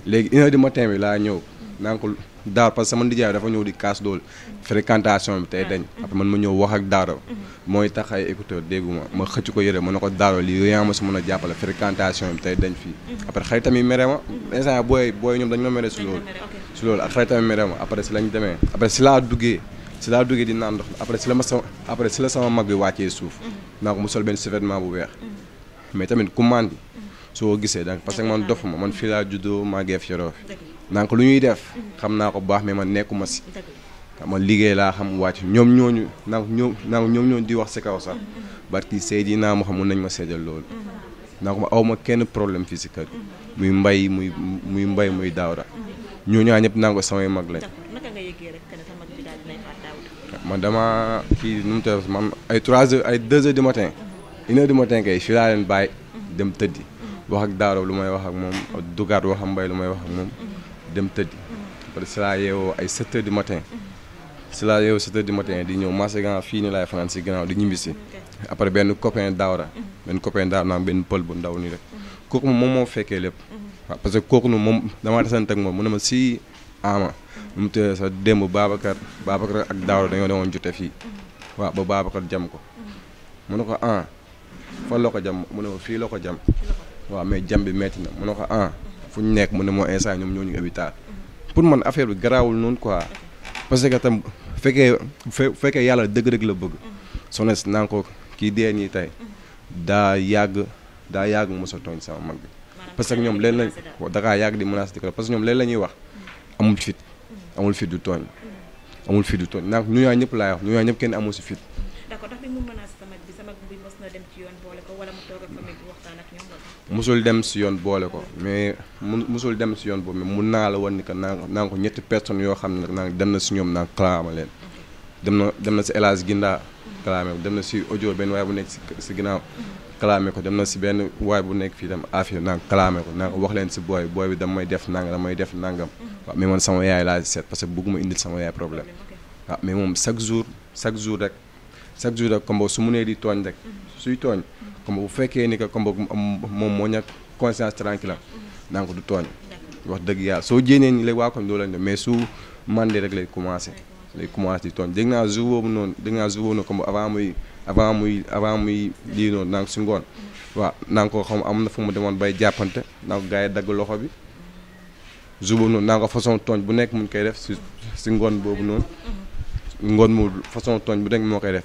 S9: léegi une heure du matin laa ñëw naa ko daar parce que sama ndijaay dafa ñëw di kaas dool fréquentation bi tey dañ après man ma ñëw wax ak daaro mooy tax ay écouteur dégguma ma xëcc ko yëre ma ne ko daaro lii yaa ma su mën a jàppale fréquentation bi tey dañ fii après xëy tamit mere ma instant booy booy ñoom dañ ma mere si loolu si loolu ak xëy tamit mere ma après si lañ demee après si laa duggee si laa duggee di naan ndox si la ma sama après si la sama mag bi wàccee suuf naa ko mu sol benn survêtement bu weex mais tamit ku màndi soo gisee donc parce que man dof ma man fii laa juddoo màggee fi yoroo lu ñuy def xam naa ko bu baax mais man nekkuma si man liggéey laa xam wàcc ñoom ñooñu naanko ñoom naanko ñoom ñooñu di wax si kaw sax barki Seydina moo xam mun nañ ma seedal loolu naanko ma aw ma kenn problème fii si kër muy mbay muy muy mbay muy daawra ñooñu ñëpp naa ko samay mag lañ ma dama kii nu mu tëdd man ay 3 heures ay 2 heures matin une heure du matin kay fii laa leen dem tëddi wax ak daaro lu may wax ak moom dugaat wax ak mbay lu may wax ak moom dem tëddi a que si laa yeewoo ay 7 heures matin si laa yeewoo 7 heures matin di ñëw marché grand fii nii laay fanaan si gannaaw di ñibbi si après benn copain daawra benn copain daawra naa benn pël bu ndaw nii rek kooku moom moom moo fekkee lépp waaw parce que kooku nu moom damaa desante ak moom mu ne si ama nu mu tëddee sax démb Babacar Babacar ak Daawda dañoo demoon jotee fii mm-hmm. waaw ba Babacar jam ko mm-hmm. mu ne ko ah fan la ko jam mu ne ko fii la ko jam waaw mais jam bi metti na mu ne ko ah mm-hmm. fu ñu nekk mu ne moo instant ñoom ñoo ñu hôpital pour man affaire bi garaawul noonu quoi parce que tam fekkee fekkee yàlla dëgg-dëgg la bëgg sones naa ko kii dee nii tey daa yàgg daa yàgg mu sa tooñ sama mag bi parce que ñoom leen lañ da yàgg di menace di ko parce ñoom leen la wax amul fit amul fit du tooñ. amul fit du tooñ ndax ñu ñaa ñëpp laay wax ñu ñaa ñëpp kenn amoo si fit.
S1: d'accord ndax dem ci yoon boole ko wala
S9: mu toog dem si yoon boole ko mais mu mosul dem si yoon boobu mais mun naa la wan ni que naa naa ko ñetti personnes yoo xam ne nag dem na si ñoom naa clama leen. dem na dem na si El gindaa Ginda. dem na si ojo benn waaye bu nekk si si ginnaaw. Mhm. kalaame ko dem na si benn waay bu nekk fii dem affaire nanga kalaame ko nanga wax leen si booy booy bi damay def nanga damay def nangam mm-hmm. waaw mais man sama yaay laa seet parce que bëgguma indil sama yaay problème waaw mais moom chaque jour chaque jour rek chaque jour rek comme su mu nee di tooñ rek mm-hmm. suy tooñ mm-hmm. comme bu fekkee ni que comme moom moo ñàkk conscience tranquille donc du tooñ wax dëgg yàlla soo jéenee ñi lay waa koñ loolu lañ mais su mandi rek lay commencé lay commencé di tooñ dégg naa jour noonu dégg naa jour boobu noonu comme avant muy avant muy avant muy lii noonu naa ko si ngoon waaw naa ko xam am na fu mu demoon bay jàppante naa ko yi dagg loxo bi jour boobu noonu façon tooñ bu nekk mun koy def si si ngoon boobu noonu mm-hmm. ngoon mu façon tooñ bu nekk moo koy def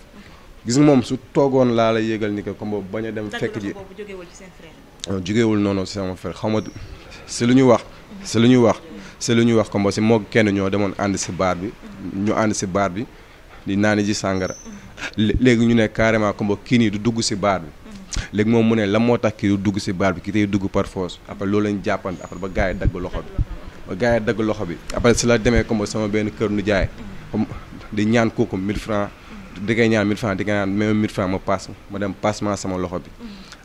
S9: gis moom su toogoon laa la yégal ni ko comme boobu bañ a dem fekk ji jógeewul noonu si sama frère xaw si lu ñu wax si lu ñuy wax c'est lu ñuy wax combo si moo kenn ñoo demoon ànd si baar bi ñu ànd si baar bi di naani ji sàngara léegi ñu ne carrément combo kii nii du dugg si baar bi léegi moom mu ne la moo tax kii du dugg si baar bi kii tey dugg par après loolu lañ jàppante après ba gars yi dagg loxo bi ba gars yi dagg loxo bi après si la demee combo sama benn kër nu jaay comme di ñaan kooku 1000 francs di koy ñaan 1000 francs di koy ñaan même 1000 francs ma paas ma dem paasement sama loxo bi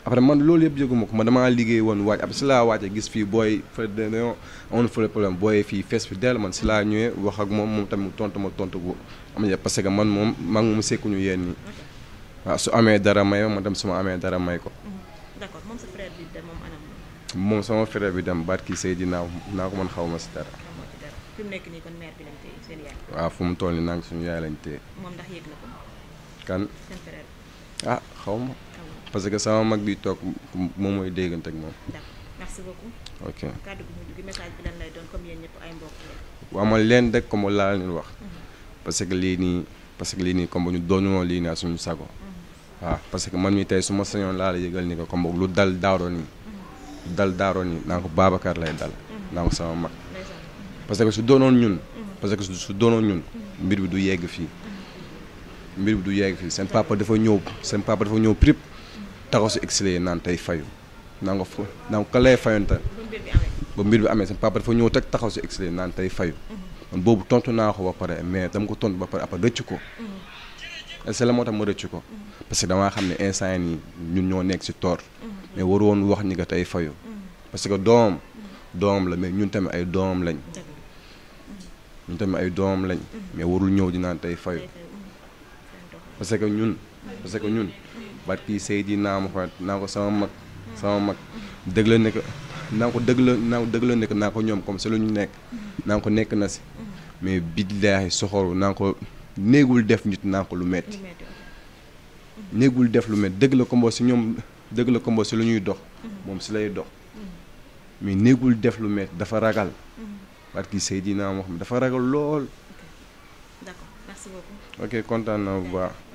S9: après man loolu yëpp yëguma ko ma damaa liggéey woon waaj ab si laa waajee gis fii booy fa dañoo amoon fa problème booy fii fees fi dell man si laa ñëwee wax ak moom moom tamit tontu ma tontu ko am na parce que man moom maa mu sekkuñu yéen ñi waaw su amee dara may ma dem su ma amee dara may ko.
S1: Mhm. d'accord moom bi dem
S9: moom sama frère bi dem baat kii Seydina naa ko man xaw ma si dara.
S1: fi mu nekk nii kon
S9: fu mu toll nii nag suñu yaay lañ téye. kan. ah xaw ma. parce que sama mag bi toog moom mooy déggante ak leen rek comme laa leen wax. Mhm. parce que lii nii parce que lii nii comme ñu doonoo sago. Mhm. waaw parce que man mi tey su ma sañoon laa la ni ko comme dal daaro mhm. dal daaro nii naa ko Babacar lay dal. parce que su doonoon ñun. parce que su doonoon ñun. mbir bi du yegg fii. mbir bi du yegg fii seen papa dafa ñëw seen papa dafa ñëw prip. taxaw si exilé yi naan tey fayu naa nga fo naa ko lay fayonte ba mbir bi amee sama papa dafa ñëw teg taxaw si exilé yi naan tey fayu mhm. man boobu tontu naa ko ba pare mais dam ko tontu ba pare après rëcc ko c'est mhm. la moo tax ma rëcc ko mhm. parce que damaa xam ne instant yi ñun ñoo nekk si tort mais waru woon wax ñi nga tey fayu parce que doom doom la mais ñun tamit ay doom lañ ñun tamit ay doom lañ mais warul ñëw di naan tey fayu parce que ñun parce que ñun barki Seydina Muhammad naa ko sama mag sama mag dëgla ne ko naa ko dëgla naa ko naa ko ñoom comme si lu ñu nekk naa ko nekk na si mais billaahi soxoru naa ko néegul def nit naa ko lu metti néegul def lu metti dëgg la kombo si ñoom dëgg la kombo si lu ñuy dox mm-hmm. moom si lay dox mm-hmm. mais néegul def lu metti dafa ragal mm-hmm. barki Seydina Muhammad dafa ragal lool
S5: d'accord
S9: ok kontaan na